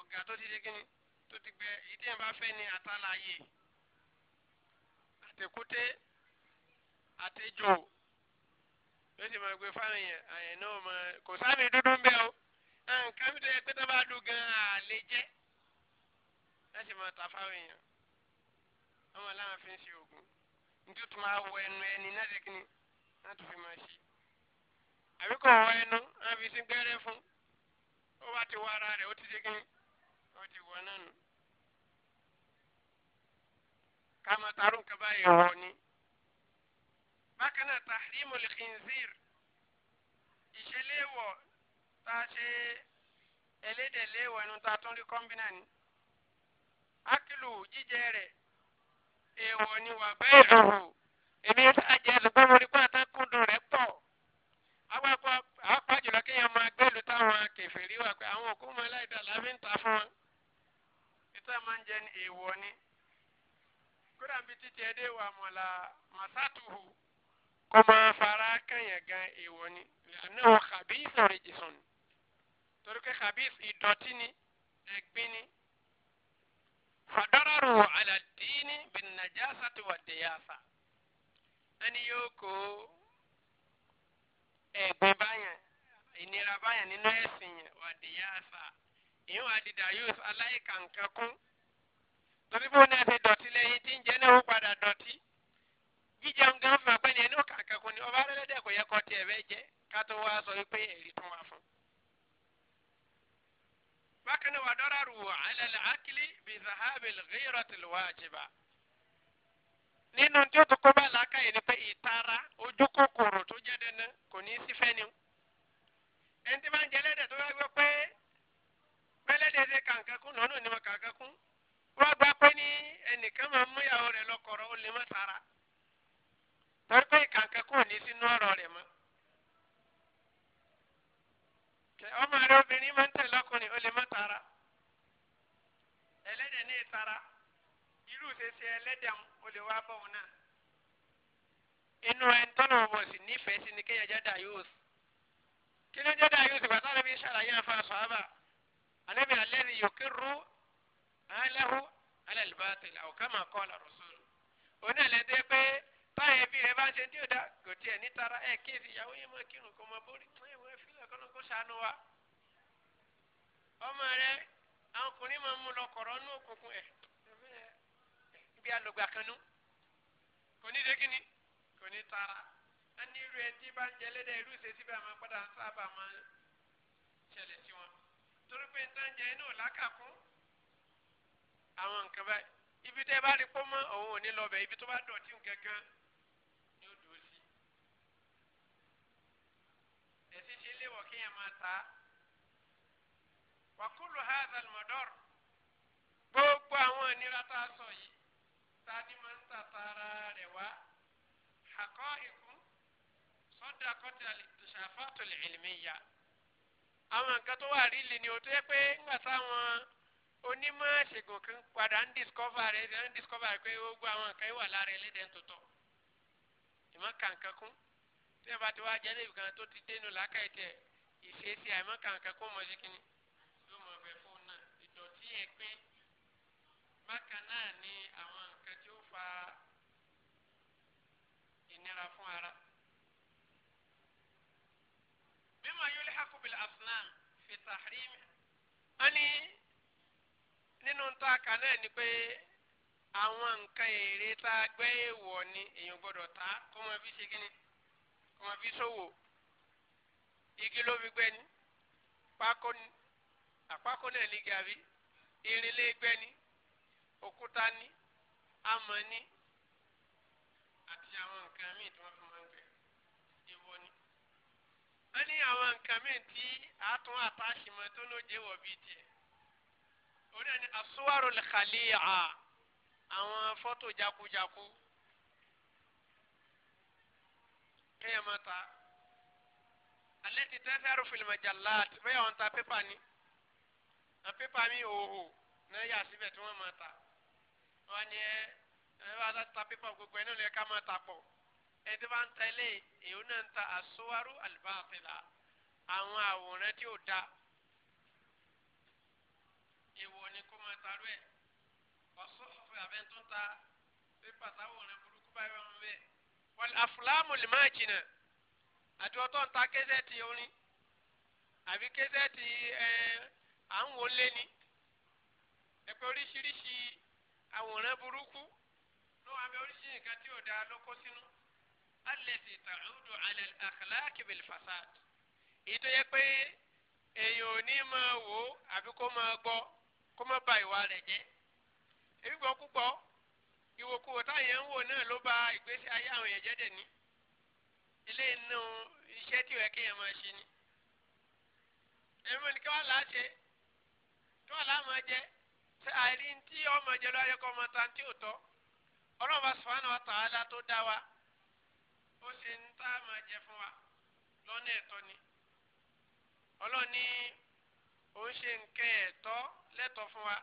ọ̀gá tó ti ṣe kí tó ti gbẹ ìdí ẹ̀ bá fẹ́ ni àtàlàyé àtẹ̀kútẹ́ àtẹjọ yóò sì máa gbé fáwọn yẹn àyẹn náà máa kò sáàmì dúdú ń bẹ o nǹkan mi tó yẹ pé tó bá dùn gan àlè jẹ láti máa ta fáwọn yẹn ọmọ aláwọn fi ń ṣe oògùn nítorí tó máa wọ ẹnu ẹni náà ṣe kíni náà tó fi máa ṣe àbí kò wọ ẹnu wọn fi sí fún ó bá ti wọ ara rẹ ó ti ṣe kíni ó ti wọ náà nù ká máa tarú nǹkan báyìí wọ ni bákan náà tahrimu lkhinzir ìṣeléwọ̀ tá a ṣe ẹlẹ́dẹ̀ ẹnu tá a tún rí kọ́mbínà ni akilu jíjẹ rẹ̀ èèwọ̀ ni wà bẹ́ẹ̀ lòrò èmi ajẹ́ ẹ̀sùnkún mo rí pé àtàkùndùn rẹ̀ pọ̀ awakọ̀ àpàjùlọ kéèyàn máa gbẹ́lu táwọn kẹfìrí wà pé àwọn òkú máa láì dà lábẹ́ ń ta fún wọn ìtàn máa ń jẹ èèwọ̀ ni kódà bíi títí ẹdẹ wà mọ̀lá màsátùhù kó fara kànyàn gan èèwọ̀ ni lẹ́nu khabith rijsun torí pé khabith idoti ni ẹ̀gbin ni fàdọ́rọ̀rù ala dini bin najasati wa diyasa ẹni yóò kó ẹ̀gbin báyàn ìnira báyàn nínú ẹ̀sìn yẹn wa diyasa ìyẹn wà dìda yóò aláìkàǹkà kún torí bí wọn náà ti dọ̀tí lẹ́yìn tí ń jẹ́ náà jíjẹun gan fún apẹ́ni ẹni ọ̀kà kankan ni ọba alẹ́lẹ́dẹ̀ kò yẹ kọ́ tiẹ̀ bẹ́ẹ̀ jẹ́ ká tó wá sọ wípé ẹ̀rí tún wá fún. bákan náà wà dọ́rà rù alẹ́lẹ́ akílí bí zahabil gírọ̀tìl wájibà. nínú tí ó tún kó bá làákà yìí ni pé ìtara ojú kòkòrò tó jẹ́ dandan kò ní í sí fẹ́ ni. ẹni tí máa ń jẹ ẹlẹ́dẹ̀ tó bá gbọ́ pé pẹ́lẹ́dẹ̀ ṣe kàǹkankún lọ́nà ni mo kàǹkankún wọ́n gbà pé ní ẹnìkan máa torí pé ìkànkẹ́ kò ní sínú ọ̀rọ̀ rẹ̀ mọ́. ọmọ rẹ obìnrin máa ń tẹ̀lé ọkùnrin ó lè má tara ẹlẹ́dẹ̀ ní ìtara irú ṣẹṣẹ ẹlẹ́dẹ̀ ó lè wá bọ̀ wọn náà. inú ẹ̀ ń tọ́nà ọmọ sí nífẹ̀ẹ́ sí ni kéèyàn jẹ́ dayos kí ló jẹ́ dayos bàtà rẹ̀ fi ṣàlàyé àfa sọ́ábà àlẹ́mi alẹ́ ni yòókè rú alẹ́hu alẹ́ lùbátìlá òkè máa kọ́ ọ̀là rọ̀ṣọ́lù. onílẹ̀ dé pé báyìí ẹbí rẹ bá ṣe tí ò dá kò tiẹ̀ nítara ẹ kéèfì ìyàwó yẹn mọ kírun kò mọ bórí fún ìwé fílẹ̀ kọ́nà kó ṣàánú wa. ọmọ rẹ àwọn ọkùnrin máa ń mú lọ kọ̀rọ̀ nú òkùnkùn ẹ̀ ibi alògbà kan nú kò ní dégínì kò ní tara á ní irú ẹni tí bá ń jẹ lẹ́dẹ̀ẹ́ irú ìṣesí bẹ́ẹ̀ máa padà ń sábà máa ń ṣẹlẹ̀ sí wọn torí pé nǹkan jẹ inú làákàkún àwọn nǹkan báyìí ibi tẹ́ bá rí pọ́ mọ́ òun ò ta wa kullu hadha al-madar gbogbo àwọn ìnira tá a sọ yìí tani máa ń ta tara rẹ̀ wá haqa'iqu sadaqati al-inkishafat al-ilmiyya àwọn nǹkan tó wà rí lè ní o tó yẹ pé ńgbà táwọn onímọ̀ ṣègùn kan padà ń discover rẹ̀ ń discover rẹ̀ pé gbogbo àwọn nǹkan yìí wà lára ẹlẹ́dẹ̀ẹ́ tó tọ̀ ìmọ̀ kàǹkan tí ẹ bá ti wá jẹ́ níbi kan tó ti dénú làákàyè tẹ̀ ṣe é ṣe àìmọ́ kankan kó mọ sí kínní ló mọ ọbẹ̀ fóun náà ìdọ̀tí yẹn pé bákan náà ni àwọn nǹkan tí ó fa ìnira fún ara. mímọ yóò lè hakùbìlì asnam fi tahrim wọn ní nínú tó a náà ni pé àwọn nǹkan èrè tá a gbẹ́ èèwọ̀ ni èèyàn gbọ́dọ̀ ta kó mọ bí ṣe kínní kó mọ bí ṣòwò. So igi ló fi gbẹ́ ni pákó ni àpákó náà ní gàrí irin lé gbẹ́ ni òkúta ni amọ̀ ni àti àwọn nǹkan míì tí wọ́n fi máa ń gbẹ́ ìwọ ni. wọ́n ní àwọn nǹkan míì tí àtún àtàṣìmọ̀ tó ló jẹ́ wọ̀ bíi tiẹ̀ orí ẹni asúwárò lẹ́kàlẹ́ à àwọn fọ́tò jakujaku kéèyàn máa ta alẹ́ ti tẹ́tẹ́ rúfin majallat bẹ́ẹ̀ wọ́n ta pépà ni na pépà mi òhò náà yà síbẹ̀ tí wọ́n máa ta wọ́n ni ẹ ẹ bá ta pépà gbogbo ẹ̀ náà lè ká máa ta pọ̀ ẹ ti bá ń ta ilé èyí náà ń ta àsúwárú àlùbáàtìlà àwọn àwòrán tí ò da èèwọ̀ ni kó máa ta rú ẹ̀ ọ̀sọ́ fún abẹ́ntúnta pépà táwọn ọ̀rẹ́ burúkú báyọ̀ ń bẹ̀ wọ́n afúlámù lè má jìnnà àti ọtọ́ ń ta kẹ́sẹ̀tì orin àbí kẹ́sẹ̀tì à ń wò lé ni ẹ̀pẹ́ oríṣiríṣi àwòrán burúkú ló wà mí oríṣi nǹkan tí ò dáa ló kó sínú alẹ́sì tàlúdù alẹ́ àkàlákì bil fasad èyí tó yẹ pé èèyàn ò ní máa wò ó àbí kó máa gbọ́ kó má ba ìwà rẹ̀ jẹ́ èyí gbọ́ púpọ̀ ìwòkuwò táyẹn ń wò náà ló ba ìgbésí ayé àwọn èèyàn jẹ́ dẹ̀ ní ilé inú iṣẹ́ tí ìwé kéèyàn máa ṣe ni èmi ní kí wọ́n là á ṣe kí wọ́n là á máa jẹ àìrí tí ọmọ jẹ ló ayẹkọ ọmọ ta tí ò tọ́ ọlọ́ọ̀bá sọ̀hánà wa tààlà tó dá wa ó ṣe ń tá a máa jẹ fún wa lọ́nà ẹ̀tọ́ ni ọlọ́ọ̀ni òun ṣe nǹkan ẹ̀tọ́ lẹ́tọ̀ fún wa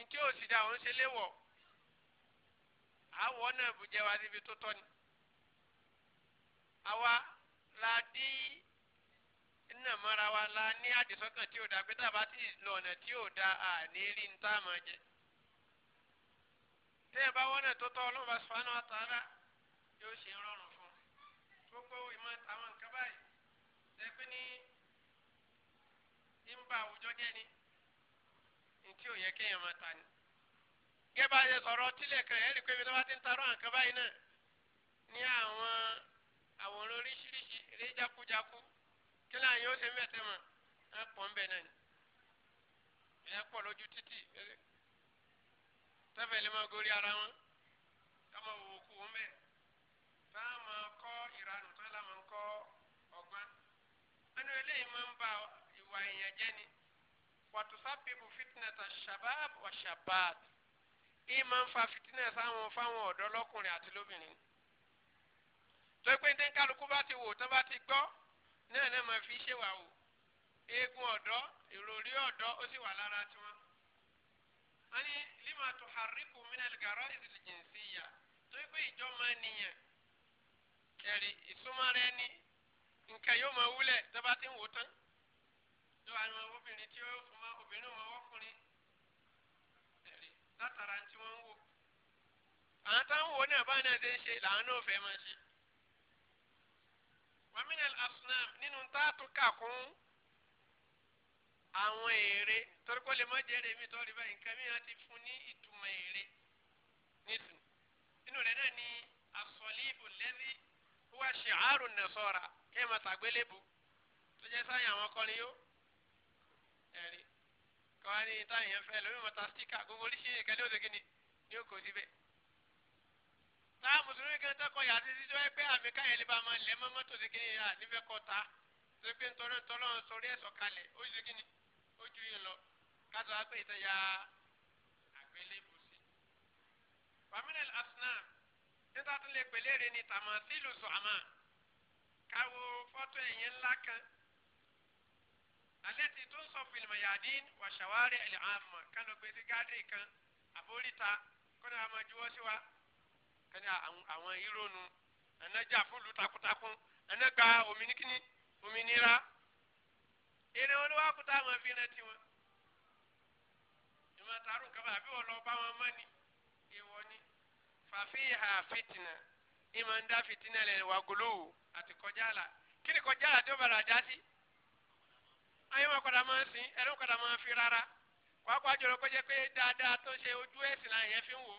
ntí òsì dá òun ṣe léwọ̀ àwọ̀ náà bùjẹ́ wa níbi tó tọ́ ni awa ladi dí nínà wa la ní àdìsọ́kàn tí ò da pé tàbá tí lọ ọ̀nà tí ò da ni rí ní táàmù jẹ. tẹ́ ẹ bá wọ́n náà tó tọ́ ọlọ́run bá sọ́nà àtàrà yóò ṣe rọrùn fún gbogbo ìmọ̀ àwọn nǹkan báyìí ṣe pé ní ń ba àwùjọ jẹ́ ni ní tí ò yẹ kéèyàn máa ta ni. gẹ́gẹ́ bá a ṣe sọ̀rọ̀ tílẹ̀ kan ẹ̀rí pé ibi tó bá ti ń tarọ́ àǹkan báyìí náà ní àwọn àwòrán oríṣiríṣi eré jákujáku kí láà yóò ṣe mẹ́tẹ́ mọ́ ẹ pọ̀ ń bẹ̀ náà ni ẹ pọ̀ lójú títì tẹ́fẹ̀ lè máa gorí ara wọn ká máa wò kú wọn bẹ́ẹ̀ tá a máa kọ́ ìranù tá a máa kọ́ ọgbọ́n ẹnu eléyìí máa ń ba ìwà èèyàn jẹ́ ni wàtúsápẹ́bù fitnata shabab wa shabat ìmọ̀ ń fa fitness àwọn fáwọn ọ̀dọ́ lọ́kùnrin àti lóbìnrin tọ́gbẹ́ ní kálukú bá ti wò tán bá ti gbọ́ náà náà máa fi ṣe wà o eegun ọ̀dọ́ ìròrí ọ̀dọ́ ó sì wà lára tiwọn. wọ́n ní lima tó hariku minal gara ìsìlì jìnsì yá tọ́gbẹ́ ìjọ máa nìyẹn ẹ̀rí ìsúmọ́rẹ́ ni nǹkan yóò máa wúlẹ̀ tó bá ti ń wò tán. lọ́wọ́ àwọn obìnrin tí ó fún ma obìnrin wọn wọ́kùnrin ẹ̀rí látara tí wọ́n ń wò. àwọn táwọn wò náà bá náà ṣe ń ṣe làwọn náà fẹ́ máa ṣe wàmínàl asunam nínú táàtù kàkún àwọn èrè torí kó lè má jèrè mi tó rí báyìí nǹkan mìíràn ti fún ní ìtumọ̀ èrè nídùn inú rẹ̀ náà ni asọ̀líbù lẹ́bí wúwa ṣìárù nàṣọ́ra kí ẹ máa tàgbélébù tó jẹ́ sáyẹn àwọn akọrin yó ẹ̀rí kọ́wá ní táyà yẹn fẹ́ lómi mọ́ta stíkà gbogbo oríṣiríṣi kẹ́lẹ́ òsèkìní ni ó kò síbẹ̀ sáà mùsùlùmí kan tẹ́kọ̀ yà sí sísọ ẹgbẹ́ àmì káyẹ̀ lè ba máa lẹ̀ mọ́ mọ́tò sí kéye à nífẹ̀ kọta tó pé ntọ́lọ́ ntọ́lọ́ sọrí ẹ̀sọ̀ kalẹ̀ ó ju kíni ó ju yìí lọ kátó apẹ̀ ìtajà àgbélébù sí. pàmílẹ̀ asuna níta tó lè pèlè rè ni tàmà sílù sọ̀àmà káwo fọ́tò ẹ̀yẹ ńlá kan alẹ́ ti tó ń sọ fìlìmọ̀ yàdín wàṣàwárí ẹ̀lẹ́ àmọ̀ kánò gbèsè gáàdì kan àbóríta kọ́nà àmọ̀ juwọ́ sí wa kẹ́ni àwọn ìrònú ẹ̀nẹ́jà fúlù takuntakun ẹ̀nẹ́gba òmìnirikini òmìnira eré wọn ló wá kúta àwọn fi rẹ tiwọn ìmọ̀ tààrù kaba àbí wọn lọ bá wọn mọ́ ni ìwọ ni fàfihà fìtìnà ìmọ̀ ń dá fìtìnà lẹ̀ wà gòlówó àti kọjá la kí ni kọjá la tó bàrà dá sí ayé wọn kọ́dà máa ń sìn ẹ̀rọ kọ́dà máa ń fi rárá wàá kó àjọyọ̀ kọjá pé dáadáa tó ṣe ojú ẹ̀sìn láyé fi wò ó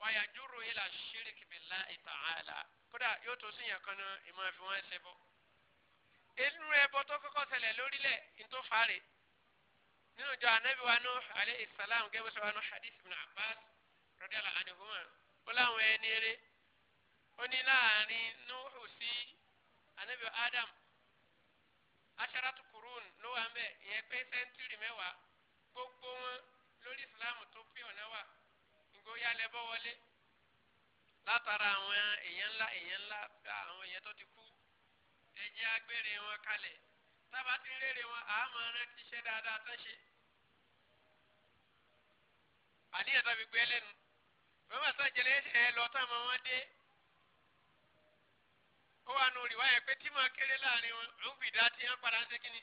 wàyà júrò ilà ṣíríkì billahi ta'ala kódà yóò tó sí yẹn kan náà ìmọ̀ fi wọ́n ṣẹbọ. inú ẹbọ tó kọ́kọ́ ṣẹlẹ̀ lórílẹ̀ nítorí fàárẹ̀ nínú ìjọ anabi wa nù alayhi salam gẹ́gẹ́ sọ wa nù hadith ibn abbas radiyallahu anhuma ó láwọn ẹni eré ó ní láàrin nuhu sí anabi adam asharatu kurun ló wà ń bẹ̀ ìyẹn pé sẹ́ńtúrì mẹ́wàá gbogbo wọn lórí islam tó pé ọ̀nà wà pé ó yá lẹ́bọ́ wọlé látara àwọn èèyàn ńlá èèyàn ńlá àwọn èèyàn tó ti kú ẹ agbére wọn kalẹ̀ tába ti rere wọn àmọ́ rán ti ṣe dáadáa tó ṣe. àníyàn tó fi gbé lẹ́nu wọ́n bá sọ́jẹ́lẹ́ ẹ lọ táwọn wọn dé ó wà nù rìwáyà pé tí màá kéré láàrin wọn òun fìdá tí wọ́n padà ń ṣe kínní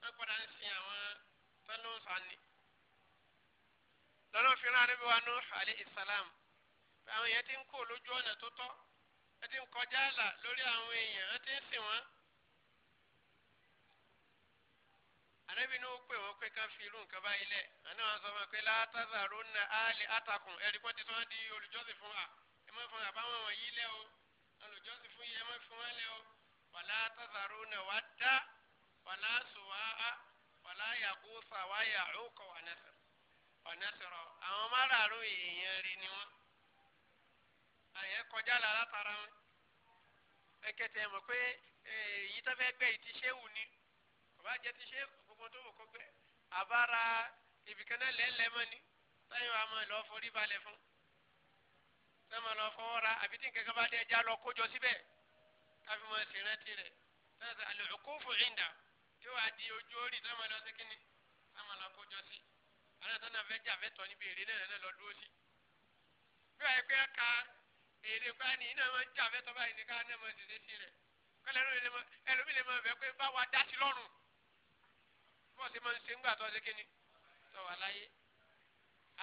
wọ́n padà ń sin àwọn tó ló ń sọ lọ́nà fi rán anábì wa Nuh alayhi salam àwọn èèyàn ti ń kó lójú ọ̀nà tó tọ́ wọ́n ti ń kọjá àlà lórí àwọn èèyàn wọ́n ti ń sìn wọ́n. anábì Nuh pè wọ́n pé ká fi irú nǹkan báyìí lẹ̀ àná wọn sọ wọn pé látàzà rona áàlì àtàkùn ẹ̀rí pọ́n ti sọ wọ́n di olùjọ́sìn fún wa ẹ má fún àbáwọn wọ̀nyí lẹ́ o olùjọ́sìn fún yìí ẹ má fún wọn lẹ́ o wàlá tàzà rona wàdá wàlá sùwàá wàlá yàgùsà wàyà òkò ànàsà ọ̀nà sọ̀rọ̀ àwọn márààrún èèyàn rí ni wọ́n àyẹ̀ kọjá là látara wọn ẹ̀kẹ́tẹ̀ mọ̀ pé èyí tó fẹ́ gbẹ́ ìtì ṣéwù ni bàbá jẹ́ ti ṣe gbogbo tó wò kó gbẹ́ àbára ibìkan náà lẹ́lẹ́ mọ́ ni táyọ̀ àmọ́ lọ forí balẹ̀ fún sẹ́mọ̀ lọ fọwọ́ ra àbí tí nǹkan kan bá dé ẹja lọ kójọ síbẹ̀ káfí mọ́ sí rántí rẹ̀ sẹ́sẹ̀ àlè òkú fún ìdá tí ó wàá di ojú orí sẹ́mọ̀ lọ sí kínní sẹ́mọ̀ lọ kójọ sí àwọn àtàwọn náà fẹ́ jà fẹ́ tọ́ níbi èrè náà lọ dúró sí. bí wàá pé ká èrè bá ní iná máa ń jà fẹ́ tọ́ báyìí ní ká náà máa ṣèṣe sí rẹ̀ kọ́lẹ́ ẹlòmíì lè máa bẹ̀ pé bá wa dá sí lọ́rùn bó ṣe máa ń ṣe ńgbà tó ṣe kíni tó wà láyé.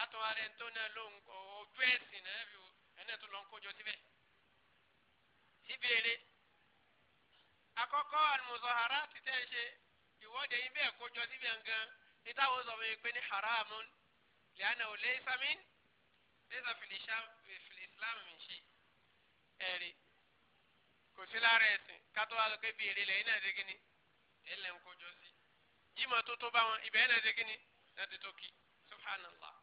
àtọ̀ ara ẹni tó náà lóhùn ojú ẹ̀sìn náà fi ẹni tó lọ ń kójọ síbẹ̀ síbi àkọ́kọ́ àlùmọ̀sọ̀ àrà ti tẹ́ ṣe ìwọ́de yín bẹ́ẹ̀ kójọ síbẹ̀ gan-an nítawọn sọ fún mi pé ní haramu lẹ́yìn ò lé sami lẹ́sà fìlì islam mi ṣe ẹ̀rí kò sí lára ẹ̀sìn kátó wá sọ pé bí èrè lẹ́yìn náà ṣe kíni ẹ̀lẹ́ ń kó jọ sí jimá wọn ibẹ̀ náà ṣe kíni náà ti tó kí subhanallah.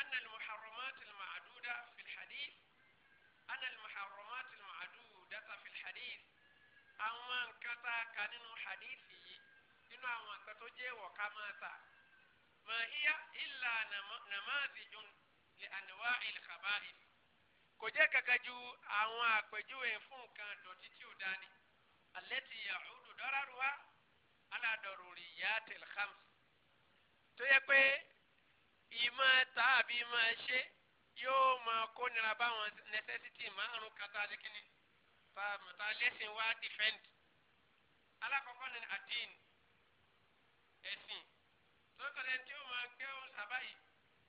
أن المحرمات المعدودة في الحديث أن المحرمات المعدودة في الحديث àwọn nǹkan tá a kà nínú hadithi yìí nínú àwọn nǹkan tó jẹ́ wọ̀ ká máa ta mà híyá ìlà nàmáàzìjún lè àníwá ìlkàbáyé kò jẹ́ kankan ju àwọn àpèjúwe fún nǹkan dọ̀tí tí ò dání àlẹ́tì yahudu dọ́rọ́rùwá aládọ̀rùrì yá tẹ̀lẹ́kàmù tó yẹ pé ìmọ̀ ta àbí ìmọ̀ ṣe yóò máa kó nira báwọn necessity márùn kata adékíní fáàmù ta lẹ́sìn wá defend alákọ̀ọ́kọ́ ní àdín ẹ̀sìn tókòtẹ́ tí ó máa gbé ohun sábà yìí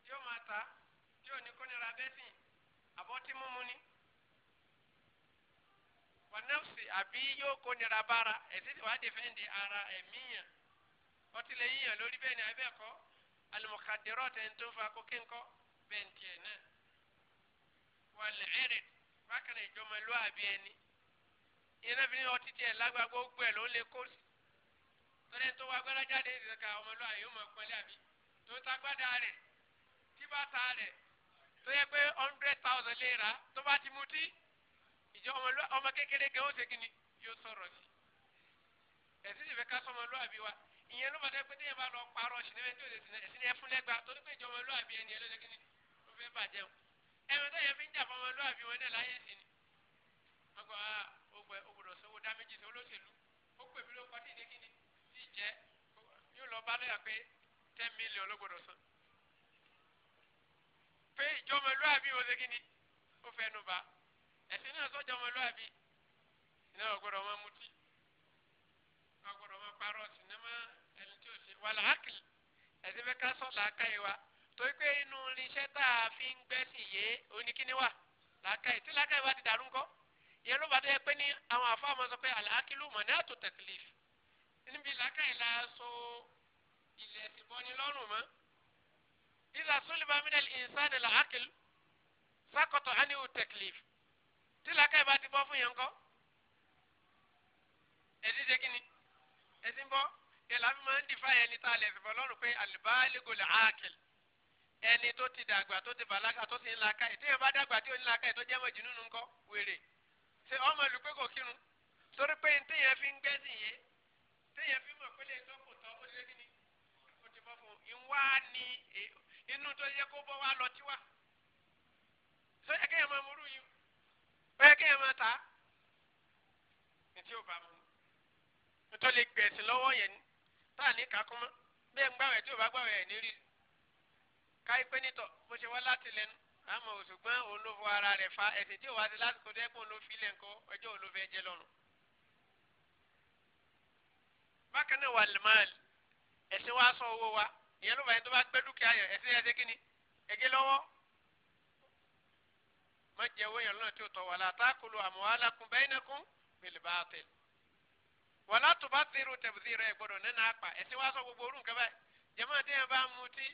tí ó máa ta tí ò ní kó nira bẹ́sìn àbọ̀tí mímu ni wọnẹ́fùsì àbí yóò kó nira bára ẹ̀sìn tí wàá defend ara ẹ̀mí yàn ọtí lè yíyàn lórí bẹ́ẹ̀ ni àbẹ́ẹ̀kọ́ alimọ̀kadìrọ̀ tẹ̀ ń tó fa kókè ńkọ́ bẹ́ẹ̀ ń tiẹ̀ náà wàlẹ̀ ẹ̀rẹ̀ bákan ìjọmọlúwàbí ẹni ìyẹn náà fi ní ọtí tiẹ̀ lágbá gbogbo ẹ̀ ló ń lè kó sí tọ́lẹ̀ tó wá gbọ́dọ̀ jáde ìdíkà ọmọlúwàbí yóò mọ̀ pẹ́lẹ́ àbí tó ta gbádà rẹ̀ tí bá ta rẹ̀ tó yẹ pé hundred thousand lè rà tó bá ti mutí ìjọ ọmọ kékeré gẹ̀ ó ṣe kí ni yóò sọ̀rọ̀ sí ẹ̀sìn ìfẹ́ ká sọmọlúwàbí wa ìyẹn ló bàtà pé téèyàn bá lọ parọ́ sinimá tí o lè sinimá fún lẹ́gbà torí pé ìjọba olóàbí ẹni ẹ lọ́dẹ kíni ó fẹ́ bàjẹ́ o ẹ̀rọ tó yẹ fi ń jà fún ọmọ olóàbí wọn náà láyé sí ni wọ́n gbọ́ ọgbẹ́ ògbòdò sọ́wọ́ dá méjì sí olóṣèlú ó pè mí ló kọ́ tí ì dékíni tí ì jẹ́ yóò lọ bá lọ́yà pé ten million ló gbọ́dọ̀ san pé ìjọba olóàbí wọn dékíni ó fẹ́ nu bá ẹ̀sìn náà sọ́jà ọmọ olóàbí ìnáwó gbọ́dọ̀ máa mutí wọ́n gbọ́dọ̀ máa parọ́ wàlá àkìlì ẹ̀sìn fẹ́ ká sọ̀ làákàyè wa torí pé inú irinṣẹ́ tá a fi ń gbẹ́sìn yé oníkíní wà làákàyè tí làákàyè wa ti dàrú ńkọ́ ìyẹn ló bá dé pé ní àwọn àfáà máa sọ pé àlàákìlù mọ̀ ní àtò taklif níbi làákàyè la so ilẹ̀ ẹ̀sìn bọ́ ni lọ́rùn mọ́ ìlà sólùbá mílẹ̀ ìnsánì làákìlù sákọ̀tọ̀ ánìwò taklif tí làákàyè bá ti bọ́ fún yẹn ńkọ́ ẹ̀sìn yẹlá mi máa ń dìfà yẹn ní tààlẹ̀ ẹ̀sìn fọlọ́run pé àlùbáàlégò lè áàkìl ẹni tó ti dàgbà tó ti bàlágà tó ti ń la káyè téèyàn bá dàgbà tí ò ń la káyè tó jẹ́ mọ̀ jìnnú nǹkan wèrè ṣe ọmọ ìlú kò kírun torí pé téèyàn fi ń gbẹ́sìn yé téèyàn fi mọ̀ pé lè tó kò tọ́ ó lé kíni ó ti bọ́ fún un ìwá ni e, inú tó yẹ kó bọ́ wá lọ tiwa ṣé ẹ kéèyàn máa múrú yìí ó yẹ kéèyàn máa ta ní tí ò bá mu nítorí gbẹ̀sìn lọ́wọ́ yẹn ni tá à ní kakọ́ mọ́ bẹ́ẹ̀ ń gbàwẹ̀ tí ò bá gbàwẹ̀ ẹ̀ ní rí káyí pé nítọ̀ bó ṣe wá láti lẹ́nu àmọ́ òṣùgbọ́n òun ló fọ ara rẹ̀ fa ẹ̀sìn tí ò wá sí lásìkò tó yẹ kó ló fi ilẹ̀ ńkọ́ ọjọ́ òun ló fẹ́ jẹ lọ́rùn. bákan náà wà lẹ́mọ̀ọ́lì ẹ̀sìn wa sọ owó wa ìyẹn ló bá yẹn tó bá gbẹ́ dúkìá yẹn ẹ̀sìn yẹn ṣe kí ni ẹ̀gẹ́ lọ́wọ́ má jẹ owó yẹn lọ́nà tí ò tọ́ wà látàkùlù amwalakum bainakum bil batil wọn látò bá tẹrù tẹbùtì rẹ gbọ́dọ̀ nínú apá ẹsìn wa sọ gbogbo orun kẹfà jẹmọ àdéhùn bá mú tí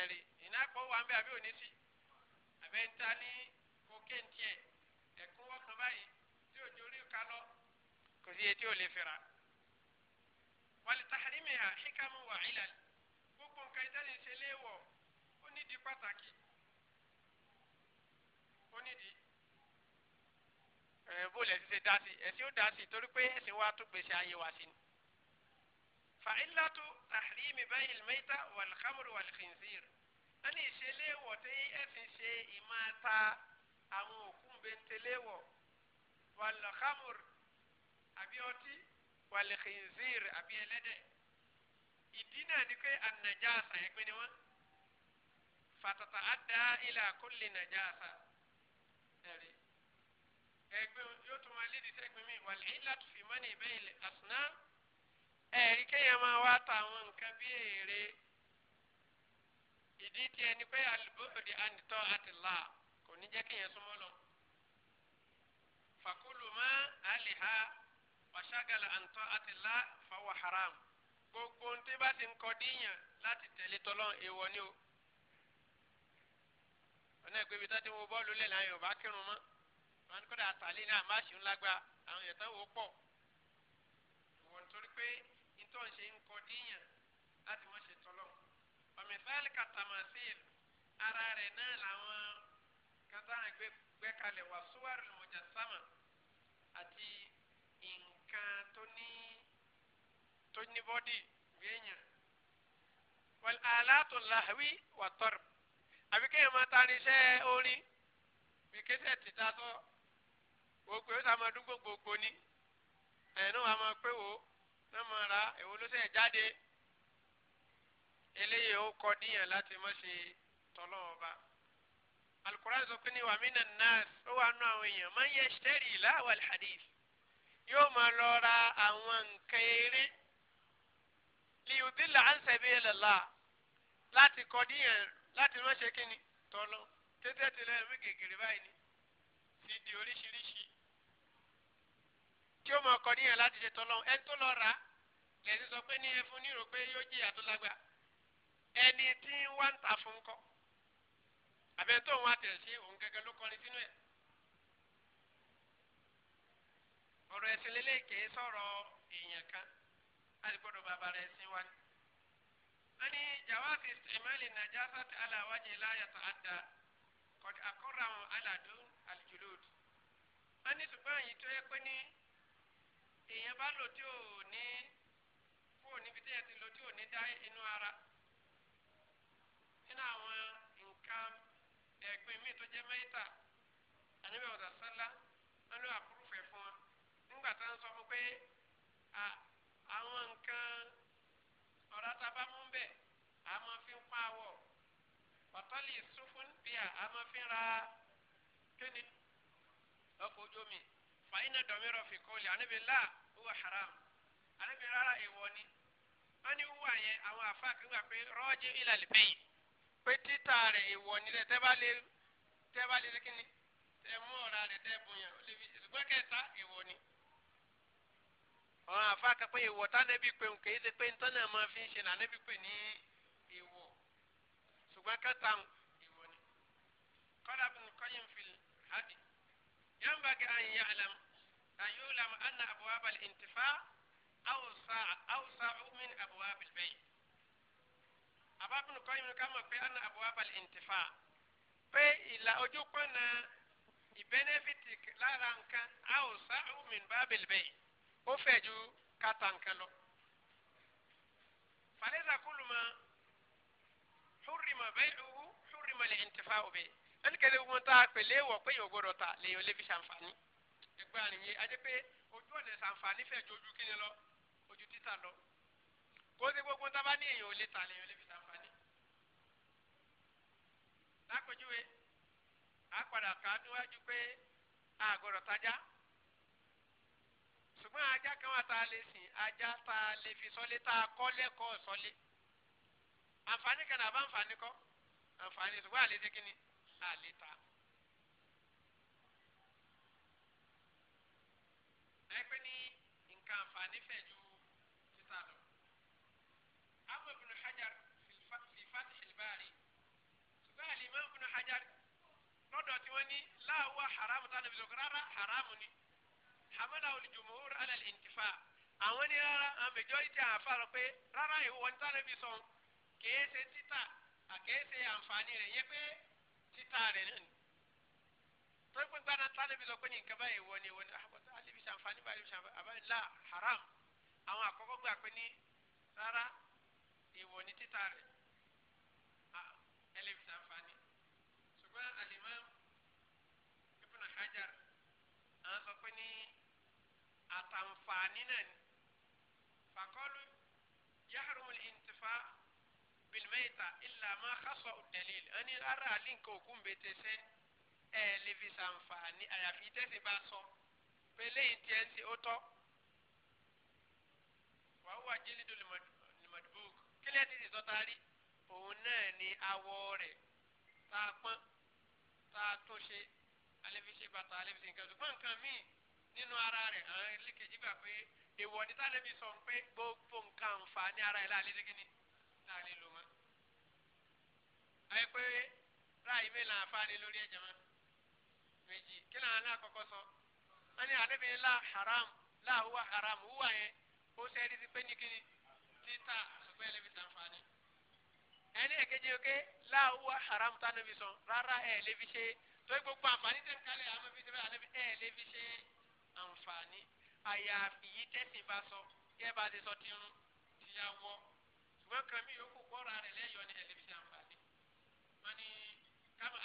ẹrí iná pọ wà ń bẹ àbí òní sí àbẹ ń ta ní kokéèntì tiẹ ẹkúnwọ kan báyìí tí òjò orí ká lọ kò sí etí ò lè fira wàlẹ tàhárímì hà híkàmù wà ilal gbogbo nǹkan ìtẹ́lẹ̀ ń ṣe léèwọ̀ ó nídìí pàtàkì ó nídìí bó lẹ ti ṣe dá sí ẹ̀sìn ó dá sí torí pé ẹ̀sìn wa tún gbèsè ayé wa sí ni. fàílàtú tahrimi báyìí mẹ́ta wàlìkámúrú wàlìkìnzír wọ́n ní ìṣẹ̀lẹ̀ wọ̀ tí ẹ̀sìn ṣe ìmáa ta àwọn òkú bẹ́ntẹ́lẹ̀ wọ̀ wàlìkámúrú àbí àbí ẹlẹ́dẹ̀ ìdí náà ni pé ànàjáàsà ẹgbẹ́ ni wọ́n fàtàtà àdá ilà kúlì nàjáàsà ẹgbẹ́ yóò tún máa lédi sẹ́gbẹ́ mi wà lẹ́yìn láti fi mọ́ni ìbẹ́ ilẹ̀ àsùná ẹ̀rí kéèyàn máa wá ta àwọn nǹkan bí èrè ìdí tiẹ̀ ni pé alùbọ́ọ̀dì ànitọ́ àti là kò ní jẹ́ kéèyàn súnmọ́ lọ. fàkúlù mọ́ àlìhá wàṣàgàlà àǹtọ́ àti là fáwọ̀ haram gbogbo ntí bá ti ń kọ díyàn láti tẹ̀lé tọ́lọ́ èèwọ̀ ni o. ọ̀nà ìgbébi tó ti wo bọ́ọ̀lù lẹ̀ láyọ̀ kírun mọ́ wọn kọ́ da àtàlẹ́ náà má ṣe ń lágbá àwọn èèyàn tán wò ó pọ̀ wọ́n torí pé nítorí wọ́n ṣe ń kọ́ díyàn láti mọ̀ ṣe tọ́lọ̀ ọ̀mẹ̀fẹ́lì kàtàmásìl ara rẹ̀ náà làwọn kátàrà gbẹ́kalẹ̀ wà súwárì lòmọ̀jà sámà àti nǹkan tó ní tó ní bọ́dì gbẹ̀yàn wal alatu lahwi wà tọ́rọ̀ àbíkẹ́yìn máa ta ní iṣẹ́ orin bí kẹ́sẹ̀ ti dá tọ́ gbogbo yóò sá máa dún gbogbogbò ni ẹ̀ náà wàá máa pé wò ó náà máa ra èwo ló sẹ̀ jáde eléyìí ó kọ níyàn láti má ṣe tọ́lọ́ ọba alukóran sọ pé ní wàmínà nas ó wà nù àwọn èèyàn máa ń yẹ ṣẹ́rì láwà hadith yóò máa lọ ra àwọn nǹkan eré liyudila ansabi lala láti kọ níyàn láti má ṣe kíni tọ́lọ́ tètè tilẹ̀ mi gègèrè báyìí ni ti di oríṣiríṣi tí ó mọ ọkọ níyàn láti ṣe tọ́lọ́ ẹni tó lọ rà lẹ́sìn sọ pé ní ẹ fún nírò pé yóò jìyà tó lágbà ẹni tí wọ́n ń ta fún kọ́ àbẹ̀ tó wọn àtẹ̀ sí òun gẹ́gẹ́ ló kọrin sínú ẹ̀. ọ̀rọ̀ ẹ̀sìn lélẹ́kẹ̀ẹ́ sọ̀rọ̀ èèyàn kan láti gbọ́dọ̀ bàbá rẹ̀ sí wa ni. wọ́n ní jawaasi istimali najasat ala waji la yataadda qad aqarrahu ala dun aljulud. wọ́n ní ṣùgbọ́n àyè tó ní èèyàn bá lò tí ò ní kó níbi téèyàn ti lò tí ò ní dá inú ara nínú àwọn nǹkan ẹ̀gbin míì tó jẹ́ mẹ́ta àníbẹ̀ ọ̀dà sálá wọn ló àpúrúfẹ̀ fún wọn nígbà tá ń sọ fún pé àwọn nǹkan ọ̀rá tá a bá mú bẹ̀ a máa fi ń pa àwọ̀ ọ̀tọ́lì sùfún bíà a máa fi ń ra kíni ọkọ̀ ojú omi fa iná dọ̀mírọ̀ fi kọ́lì ànábi là huwa haram ànábi rárá èèwọ̀ ni wọ́n ní wúwà yẹn àwọn àfa kan gbà pé rọ́ọ̀jì ìlàlẹ̀ bẹ́yìn pé títà rẹ̀ èèwọ̀ ni tẹ́ bá lè tẹ́ bá lè kíni tẹ́ mú ọ̀rá rẹ̀ tẹ́ bùnyàn ó lè fi ṣùgbọ́n kẹta èèwọ̀ ni. àwọn àfa kan pé èèwọ̀ tánẹ́bí pé òun kèé ṣe pé ntọ́nà máa fi ń ṣe lànẹ́bí pè ní èèwọ̀ ṣùgbọ́n kẹta èèwọ̀ ni. kọ́lá bùn kọ́yìn fìlì hádì yàmbá gẹ́ àyìn yá أيعلم أن أبواب الانتفاع أوسع أوسع من أبواب البيع أبا ابن القيم كما في أن أبواب الانتفاع في إلى أجوكنا benefit لا nǹkan أوسع من باب البيع ó fẹ̀ ju kàtà nǹkan lọ. فلذا كل ما حرم بيعه حرم الانتفاع به ẹnikẹ́ni wọn tá a pè léwọ̀ pé yóò gbọ́dọ̀ ta lèyìn ẹgbẹ́ àníyàn ajẹ́ pé ojú ọ̀nà ìsànfàní fẹ̀ ju ojú kíni lọ ojú títà lọ kó o ṣe gbogbo tá a bá ní èèyàn ò lè tà lèèyàn lè fi sànfàní. lápèjúwe a padà ká níwájú pé a gbọ́dọ̀ tajà ṣùgbọ́n ajá kan wà tá a lè sìn ajá tá a lè fi sọ́lé tá a kọ́ lẹ́kọ̀ọ́ sọ́lé àǹfààní kan náà bá àǹfààní kọ́ àǹfààní ṣùgbọ́n àlè ṣe kíni àlè ta. ẹ pé ní nǹkan àǹfààní fẹ̀ ju títà lọ. Abu ibn Hajar fi Fathil Bari ṣùgbọ́n àlìmọ́ ibn Hajar lọ́dọ̀ tí wọ́n ní láàwọ̀ haramu tá a nàbí sọ̀kọ̀ rárá haramu ni hamala al-jumhur ala al-intifa àwọn ní rárá àwọn majority àfa rẹ pé rárá ìwọ ní tá a nàbí sọ kìí ṣe títà àkìí ṣe àǹfààní rẹ̀ yẹ pé títà rẹ̀ náà tó ń pín gbàdá tá a pé ní nǹkan báyìí wọ ni wọ ni àbọ̀ ṣàǹfààní báyìí ló ṣàǹfààní àbáyé ńlá haram àwọn àkọ́kọ́ gbà pé ní rárá ìwọ ní títà rẹ̀ ẹlẹ́bi ṣàǹfààní ṣùgbọ́n al-Imam Ibn Hajar àwọn sọ pé ní àtàǹfààní náà ni faqalu yahrumu al-intifa' bilmaita illa ma khassa ad rárá àlínkà òkú ń tẹsẹ ẹ lè fi ṣàǹfààní àyàfi tẹsẹ bá sọ. So pé lẹ́yìn tí ẹ ń ṣe ó tọ́ wàá wà jílídù lìmọ̀dìbòk kí lẹ́yìn tí ìsọ́ta rí òun náà ni awọ rẹ̀ tá a pọ́n tá a tún ṣe alẹ́fiṣe bàtà alẹ́fiṣe nǹkan ṣùgbọ́n nǹkan míì nínú ara rẹ̀ àwọn ẹlẹ́kẹ̀jì gbà pé èèwọ̀ ní tálẹ́bí sọ pé gbogbo nǹkan nfa ní ara ẹ̀ láàlẹ́ dẹ́gẹ́ni láàlẹ́ ló mọ́ àyẹ̀pẹ́ ráàyè mélòó àǹfààní lórí ẹ̀jẹ̀ mọ́ méjì kí wọ́n ní àdébí la haram la huwa haram huwa yẹn ó sẹ́ẹ̀dì ti pé ní kíni títà ṣùgbọ́n ẹlẹ́bi sànfàní. ẹni èkejì oké la huwa haram tánàbí sọ rárá ẹ̀ lẹ́bi ṣe torí gbogbo àǹfààní tẹ̀ ń kálẹ̀ àmọ́ fi tẹ́lẹ̀ àlẹ́bi ẹ̀ lẹ́bi ṣe àǹfààní àyàfi yìí tẹ́sìn bá sọ yẹ́ bá ti sọ tirun tìyàwó ṣùgbọ́n kàmí yòókù kọ́ra rẹ̀ lẹ́yọ̀ ni ẹ̀ lẹ́bi ṣe àǹfààní. wọ́n ní kámi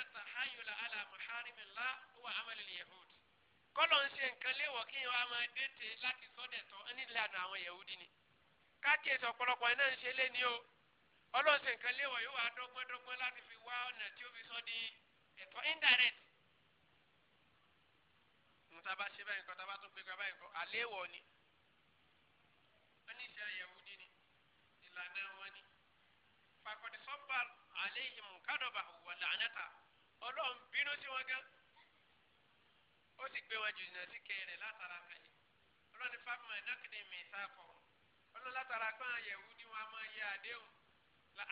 anna tahayula ala maharimillah huwa amal al-yahud kọ́lọ̀ ń ṣe nǹkan léwọ̀ kí wọ́n á máa dètè láti sọ́dẹ̀ tọ́ ẹni ìlànà àwọn yahudi ni káàkiri ọ̀pọ̀lọpọ̀ iná ń ṣe lé o ọlọ́run ṣe nǹkan léwọ̀ yóò wá dọ́gbọ́n láti fi wá ọ̀nà tí ó fi sọ di ẹ̀tọ́ indirect nǹkan bá ṣe báyìí nǹkan tá a bá tún gbé báyìí nǹkan àléwọ̀ ni wọ́n yahudi ni ìlànà wọn ni fàkọ̀dé sọ́gbà àléhìn mùkádọ́bà wọ̀lànàtà ọlọ́run bínú sí wọn gan ó sì gbé wọn jìnnà sí kẹrẹ látara fẹ̀yìn ọlọ́run ní fáfimọ̀ ẹ̀nàkìnrin mi ta kọ̀ ọlọ́run látara pé àwọn yẹ̀wù ni wọn máa yẹ àdéhùn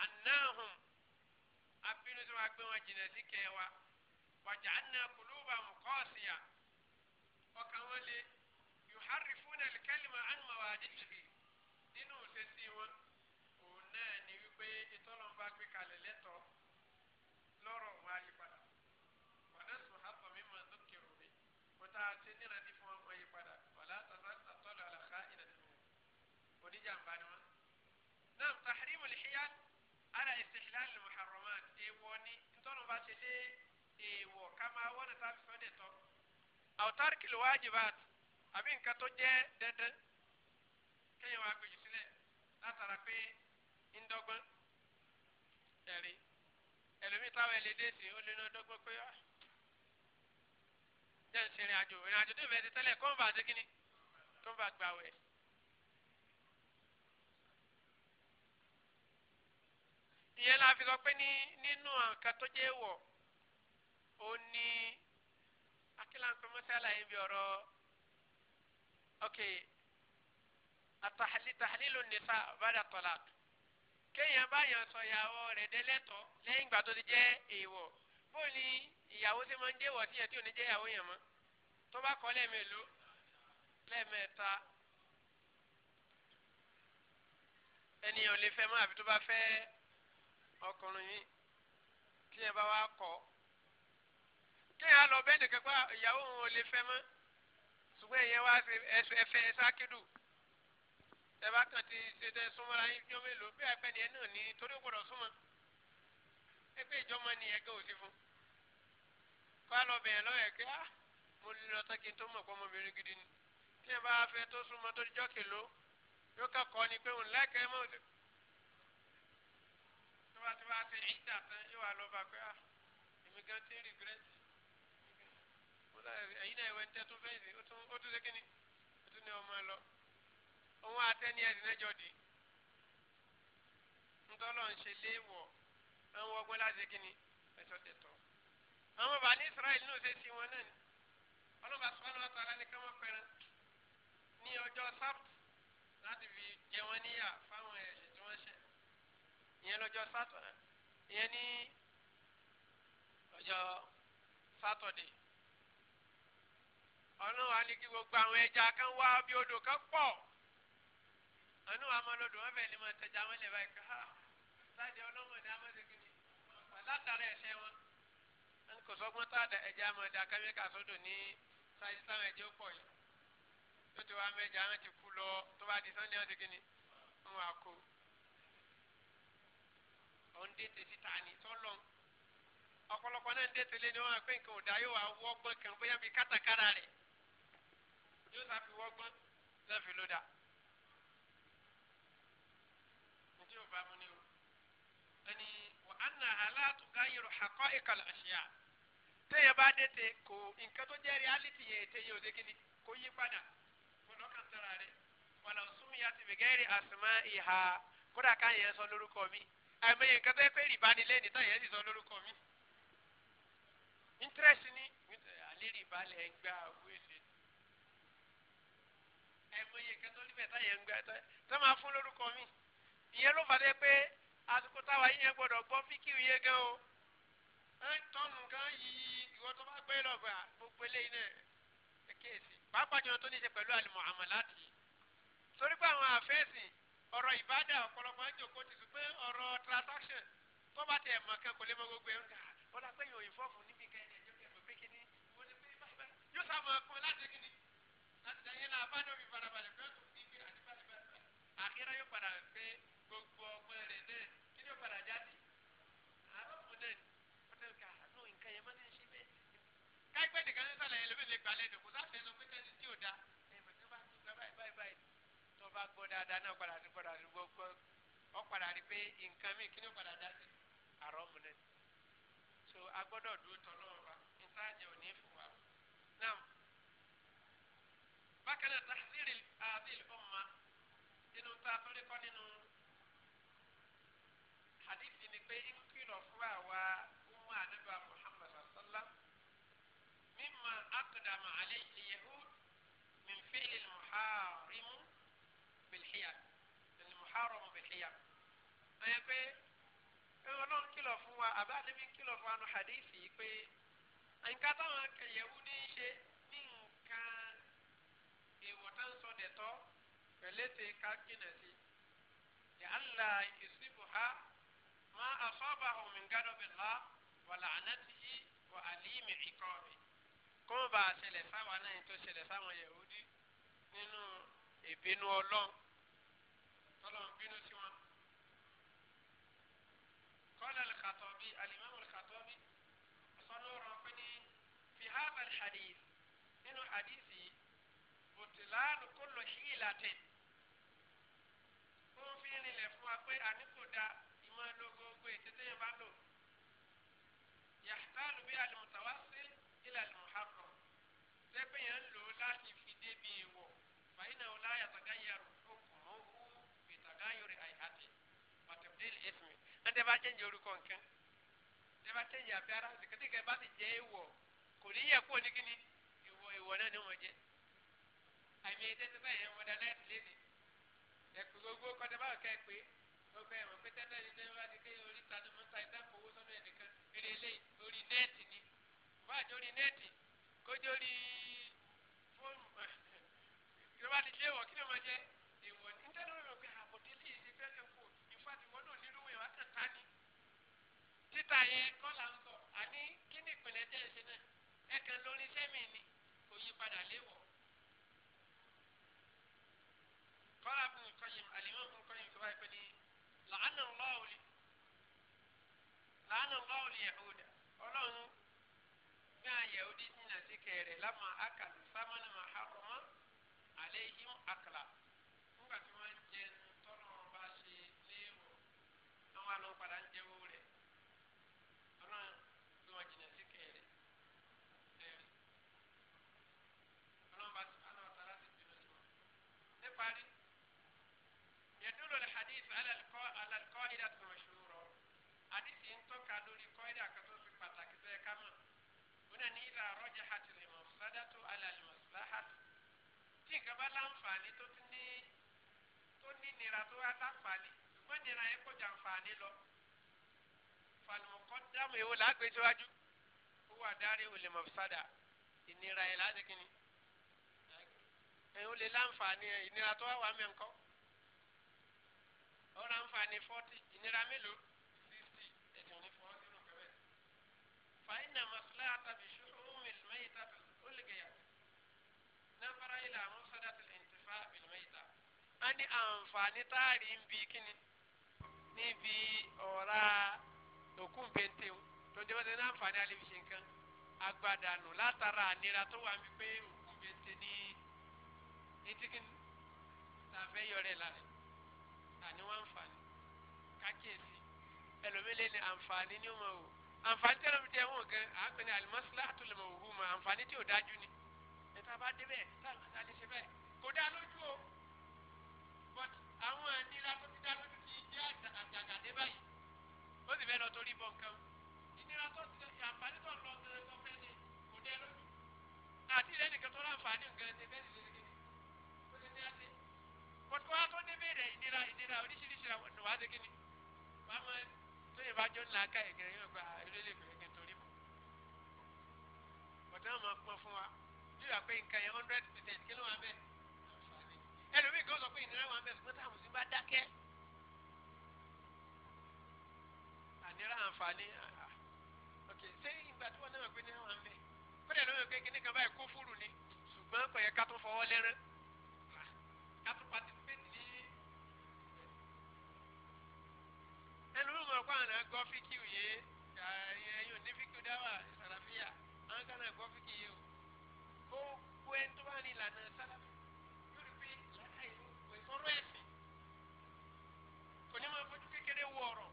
anáhùn abínú sí wọn gbé wọn jìnnà sí kẹrẹ wa wàjà àná kùlùbà mùkọ́ọ̀sìyà ọkàn wọn lé yuharifuna al-kalima an mawadihi nínú òṣèṣì wọn òun náà ní wípé ìtọ́lọ́mbà gbé kalẹ̀ lẹ́tọ̀ọ́. tá a ṣe níra ní fún ọmọ yìí padà wàlá tàṣà tọ́lù àlàkà ìdàdúró oníjàmbá ni wọn. náà tahrimu lixiyal ala istihlal muharramat èèwọ̀ ni ntọ́nù bá ṣe lé èèwọ̀ kama wọ́n ta fi sọ́dẹ̀ tọ́. àwòtárìkì ló wájibat àbí nǹkan tó jẹ́ dandan kéèyàn wá gbèjì sílẹ̀ látara pé ńdọ́gbọ́n ẹ̀rí ẹlòmíì táwọn ẹlẹ́dẹ́sì ó lé ní ọdọ́gbọ́n pé ah, tẹ́ ń ṣe ìrìn àjò ìrìn àjò tó ń bẹ ti tẹ́lẹ̀ kó ń bá ṣe kínní kó ń bá gbà wẹ̀. ìyẹn la fi sọ pé ní nínú nǹkan tó jẹ́ wọ̀ ó ní akíláńpẹ́ mọ́sálà yìí bí ọ̀rọ̀ ok àtàlílù nìsa bàdà talaq kéèyàn báyàn sọ ìyàwó rẹ̀ délẹ́tọ̀ lẹ́yìn ìgbà tó ti jẹ́ èèwọ̀ bóyá ìyàwó sì máa ń dé wọ̀tí yẹn tí ò ní jẹ́ ìyàwó yẹn mọ́ tó bá kọ́ lẹ́ẹ̀mẹ́lú lẹ́ẹ̀mẹ́ta ẹnìyàn ò lè fẹ́ mọ́ àbí tó bá fẹ́ ọkùnrin yìí tí yẹn bá wá kọ́ kéèyàn lọ bẹ́ẹ̀ nìkan pé ìyàwó òun ò lè fẹ́ mọ́ ṣùgbọ́n ìyẹn wá ẹfẹ́ sákìdù ẹ bá kàn ti ṣe tẹ súnmọ́ra yín jọ́ mélòó bí àpẹẹrẹ náà ní torí ó gbọ́dọ̀ súnmọ́ ẹgbẹ́ ìjọ́mọ́ ni ẹgbẹ́ òsì fún un ká lọ bẹ̀rẹ̀ lọ́yẹ̀ kí á ah, mo lè lọ tán kí n tó mọ̀ pé ọmọbìnrin gidi ni tí ẹ bá fẹ́ tó súnmọ́ tó dijọ́ kèló yóò kẹ́kọ̀ọ́ ni pé òun lẹ́kẹ̀ẹ́ mọ́ òde tó bá ti wá sí ìdá tán yóò wá lọ́ba pé á ah, èmi gan ti ń rìgírẹ́tì ẹ̀yin náà ìwé ń tẹ́ tó fẹ́ẹ́ sí ó tún ṣe kíni ó tún ní ọmọ ẹ lọ òun àtẹ́ni ẹ̀sìn ẹjọ́ dì ńtọ́lọ́ ń ṣe léèwọ̀ àwọn ọgbọ́n láti kíni ẹ̀sọ́ tẹ̀tọ́ àwọn bàbá ní israẹli náà ṣe ti wọn náà ni ọlọ́ba sọ́nà àtàlà ní kí wọ́n fẹ́ràn ní ọjọ́ sábà láti fi jẹ wọ́n níyà fáwọn ẹ̀ṣẹ̀ tí wọ́n ṣẹ̀ ìyẹn lọ́jọ́ sátọ̀dà ìyẹn ní ọjọ́ sátọ̀dẹ̀ ọ̀nà wa ní kí gbogbo àwọn ẹja kan wá bí odò kan pọ̀ ọ̀nà wa máa lọ́dọ̀ wọ́n fẹ́ẹ́ lè máa tẹja wọn lè báyìí ká láti ọlọ́mọdé amọ̀dé kìíní látara ẹ̀ṣẹ̀ wọn kò sọ́gbọ́n tá ẹja máa da kámẹ́kà sódò ní sáyé táwọn ẹjẹ́ pọ̀ yìí tó ti wá mẹ́jà wọn ti kú lọ tó bá di sunday wọn ti kí ni wọn wà kó òun dé tètè ta ni tọ́lọ́n ọ̀pọ̀lọpọ̀ náà ń dé tèlé ni wọn pé nǹkan ò yóò wá wọ́gbọ́n kan bóyá bíi kátàkárà rẹ̀ yóò sáfi wọ́gbọ́n náà fi ló ẹni wà á nà aláàtúgá àkọ́ ìkàlà àṣìyà téèyàn bá dé te kò nǹkan tó jẹ́ reality yẹn téèyàn ò dé kíni kò yí padà fúnà kan tara rẹ̀ wàlà òsúnmi àti mẹgẹ́rì àsùnmọ́ ìhà kódà káyẹn sọ lórúkọ mi àìmọye nǹkan tó yẹ pé rìbá ni lẹ́yìn tó yẹn sì sọ lórúkọ mi interest ni alẹ́ rìbá lẹ́ ń gbà owó èlé àìmọye nǹkan tó níbẹ̀ tó yẹn ń gbà tó máa fún lórúkọ mi ìyẹn ló fà dé pé àsìkò táwa yíyan gbọdọ̀ gbọ́ fíkìrì yẹn gan máa ń yí ìwọ tó bá gbé lọ́gbà gbogbo eléyìí náà kéèsì pàápàá jùlọ tó ní ṣe pẹ̀lú àlùmọ̀ àmàlàtì torí pé àwọn àfẹ́sì ọ̀rọ̀ ìbádà ọ̀pọ̀lọpọ̀ ń jòkó ti sùn pé ọ̀rọ̀ transaction tó bá tẹ̀ mọ̀ kan kò lè mọ gbogbo ẹ̀rù kà ó dà pé yóò ìfọ́fù níbi kan ẹ̀jẹ̀ tó kẹ̀mọ́ pé kíní mo ní pé báyìí báyìí yóò sàmọ̀ kan láti kíní láti kí ni yóò padà pé nìkan ní sọ̀lẹ̀ yẹn lómi lè gbà lẹ́nu kò sáfẹ́ lọ pé tẹ́sí tí ò da ẹ̀mọ̀ tí ó bá ti gbà báyìí báyìí báyìí tó bá gbọ́ dáadáa náà padà sí padà sí gbọ́ ọ padà rí pé nǹkan míì kí ni ó padà dá sí àrọ́ mu náà so a gbọ́dọ̀ dúró tọ́ lọ́wọ́ wa ìtajẹ́ òní fún wa náà bákan náà tàhírí àbíl ọmọ inú ta torí kọ́ nínú hadithi ni pé ń kìlọ̀ fún àwa ọmọ àdébàmọ́ أقدم عليه اليهود من فعل المحارم بالحيل المحارم بالحيل أي بي Ọlọ́run kìlọ̀ fún wa àbá níbi kìlọ̀ fún anu hadithi pé nǹkan táwọn kẹyẹ̀wò ní í ṣe ní nǹkan èèwọ̀ tá ń sọ dẹ̀tọ́ pẹ̀lẹ́tẹ̀ ká jìnà sí yàrá ìsìnkú ha máa asọ́ba min ghadabillah wa la'natihi wa alimi iqabi kọ́mọ̀ bá ṣẹlẹ̀ sáwọn náà tó ṣẹlẹ̀ sáwọn yẹ̀húdí nínú ìbínú ọlọ́run tọ́lọ́run bínú sí wọn. kọ́lá al-Khattabi alimami al-Khattabi sọ́nù ọ̀rọ̀ pé ní fi hadith nínú hadith yìí bùtìláàlù kò lọ sí ìlàtẹ̀ ó ń fún wa pé àníkò da ìmọ̀ lógo gbé tètè yẹn bá lò yàtàlù bí alimutawasil ilà ló hàrọ̀ sẹ́pẹ̀ yẹn ń lò ó láti fi débi ìwọ̀ fàyínà ọ̀la yàtọ̀gáyàrò ọkùnrin ọ̀hún ìtàgáyọ̀rẹ̀ àìhàtì pàtẹ́bílì ẹ̀sìn ẹ̀ ẹ̀ bá jẹ́njẹ orúkọ nǹkan ẹ̀ bá jẹ́njẹ abẹ́ ara ṣèkẹ́tẹ́kẹ́ bá ti jẹ́ ìwọ̀ kò ní yẹ kó ní kíní ìwọ̀ ìwọ̀ náà ni wọ́n jẹ́ àmì ìdẹ́sẹ̀fẹ́ yẹn wọ́n dáná ẹ̀ lé ní ẹ̀kú gbogbo kọ́tẹ́ báwọn bá jórí nẹ́ẹ̀tì kó jórí fóònù kí ló bá ti jẹ́ ìwọ̀ kí ló máa jẹ́ ìwọ̀ ní tẹ́lẹ̀ ló lọ́ọ́ pé àbọ̀dé lè ṣe fẹ́lẹ̀ kù ìfọ̀tí wọn náà nílùú ìwà kan ta ni. títà yẹn kọ́ là ń sọ àní kí ni ìpìlẹ̀ tẹ́ ẹ ṣe náà ẹ kàn lórí sẹ́mi ni kò yí padà léwọ̀. kọ́lá bí nǹkan yìí àlìmọ́ nǹkan yìí tó bá yẹ pé ní làánà ńlọ́ọ̀lì làánà ńlọ́ọ̀lì ẹ̀hódà ọlọ́run ga yahudi nyina ti kɛɛrɛ lama akalu samana ma haroma alehim akala nga ti wọn jẹ tɔnɔ ba se léwo àwọn àlọ padà ń jẹ wo rẹ tɔnɔ ti wọn nyina ti kɛɛrɛ ɛɛ tɔnɔ ba ti alọ tara ti bi lọ sí wọn ne pari yadulu alhadith ala alikɔ ala alikɔ ida tó ma ṣòro hadith yìí ń أنني إذا رجحت المفسدة على المصلحة tí nǹkan bá láǹfààní tó ti ní tó ní nira tó wá láǹfààní ṣùgbọ́n nira yẹn kò jàǹfààní lọ fàlùmọ̀kọ́ dáàmú èwo làágbé síwájú ó wà dárí olè mọ̀físádà ìnira yẹn láti kíni ẹ̀yin ó lè láǹfààní ìnira tó wá wà mí ńkọ́ ó láǹfààní fọ́tì ìnira mélòó sísì ẹ̀sìn ní fọ́tì nù kẹ́mẹ́ fàyínà mọ̀sálà àtàbí إلى مفسدة الانتفاع بالميتة أني أنفاني تاري بيكني níbi ọ̀ra òkú bẹ́ntẹ́ o tó jẹ́ ali ti ní àǹfààní àlebìṣe nǹkan agbádànù látara ànira tó wà mí pé òkú bẹ́ntẹ́ ní etíkì tàfẹ́ yọrẹ̀ lára àní wọ́n àǹfààní kákíyèsí ẹlòmílẹ̀ ni àǹfààní ní ọmọ o àǹfààní tẹ́lẹ̀ mi tẹ́ wọ́n gan àgbẹ̀ni àlùmọ́sílá àtúlẹ̀mọ̀ òhùn mọ́ àǹfààní tí o dájú ni tá a bá débẹ̀ táwọn kan tá a lè ṣe bẹ́ẹ̀ kò dá lójú o but àwọn ìnira tó ti dá lójú ti jẹ́ àgàgà dé báyìí ó sì fẹ́ lọ torí bọ̀ nǹkan ìnira tó ti àǹfààní tó ń lọ gẹ́gẹ́ tó fẹ́ ni kò dá lójú àti ilẹ̀ nìkan tó láǹfààní nǹkan ẹ̀ bẹ́ẹ̀ sì lè kéde ó lè ní àti but kó wá tó débẹ̀ rẹ̀ ìnira ìnira oríṣiríṣi àwọn ìnùwà ti kéde wàá tó yẹ bá jọ ńlá ká ẹ̀gẹ̀rẹ̀ yóò gba ìrẹ́lẹ̀ gbẹ̀rẹ̀ torí bọ̀ bọ̀dá máa pọ̀ fún wa bí wà pé nǹkan yẹn hundred percent kí ló wà bẹ́ẹ̀ ẹlòmíì kan sọ pé ìnira wà bẹ́ẹ̀ ṣùgbọ́n táwọn mùsùlùmí bá dákẹ́ ànírà àǹfààní ok ṣé ìgbà tí wọ́n náà pé ìnira wà bẹ́ẹ̀ kódà ló yàn pé kíní kan báyìí kó fúru ni ṣùgbọ́n kò yẹ ká tún fọwọ́ lẹ́rán ká tún patisipéètì ní ẹlòmíì mọ̀ pé àwọn àgọ́ fíkì yìí ẹ̀yìn onífíkì dáwà sàràfíà àwọn kan náà gọ́ fíkì yìí o. go kwento banilana sala yurupi zwakhayo wekorwese konyama fotu kekere woro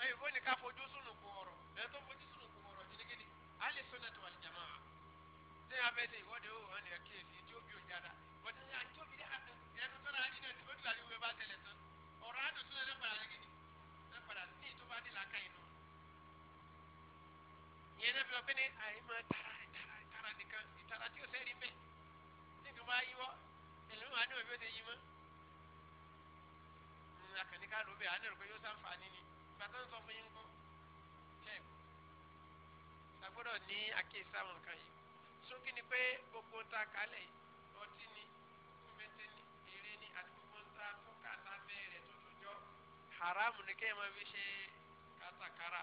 ayo boni ka fotu sunu kuoro neto fotu sunu kuoro jinegini ali sunatu wal jamaa te abeti wode o ani ya kesi jobi o jada wode ya jobi de hatu ya no sala ali na tibotu lali uwe ba teleto ora ado sunu na para jinegini na para ni to ba dilaka ino yena biopene ayima tarai nìkan ìtara tí ó sẹ́rí bẹ́ẹ̀ tí nǹkan bá yíwọ́ ẹlẹ́mọ̀ máa ní òbí ó ti yí mọ́ hmm, akànníkà ló bẹ́ẹ̀ àánú rẹ̀ pé yóò sàǹfààní ni bàtà ń sọ fún yín kọ́ lẹ́ẹ̀kọ́ sàgbọ́dọ̀ ní àkíyèsí àwọn nǹkan yìí sókè ni pé gbogbo ta kálẹ̀ ọtí ni kúmẹ́tẹ́ ni eré ni àti gbogbo ta tó kàtà bẹ́ẹ̀ rẹ̀ tó tó jọ haramu ni kéèyàn máa fi ṣe kátàkárà.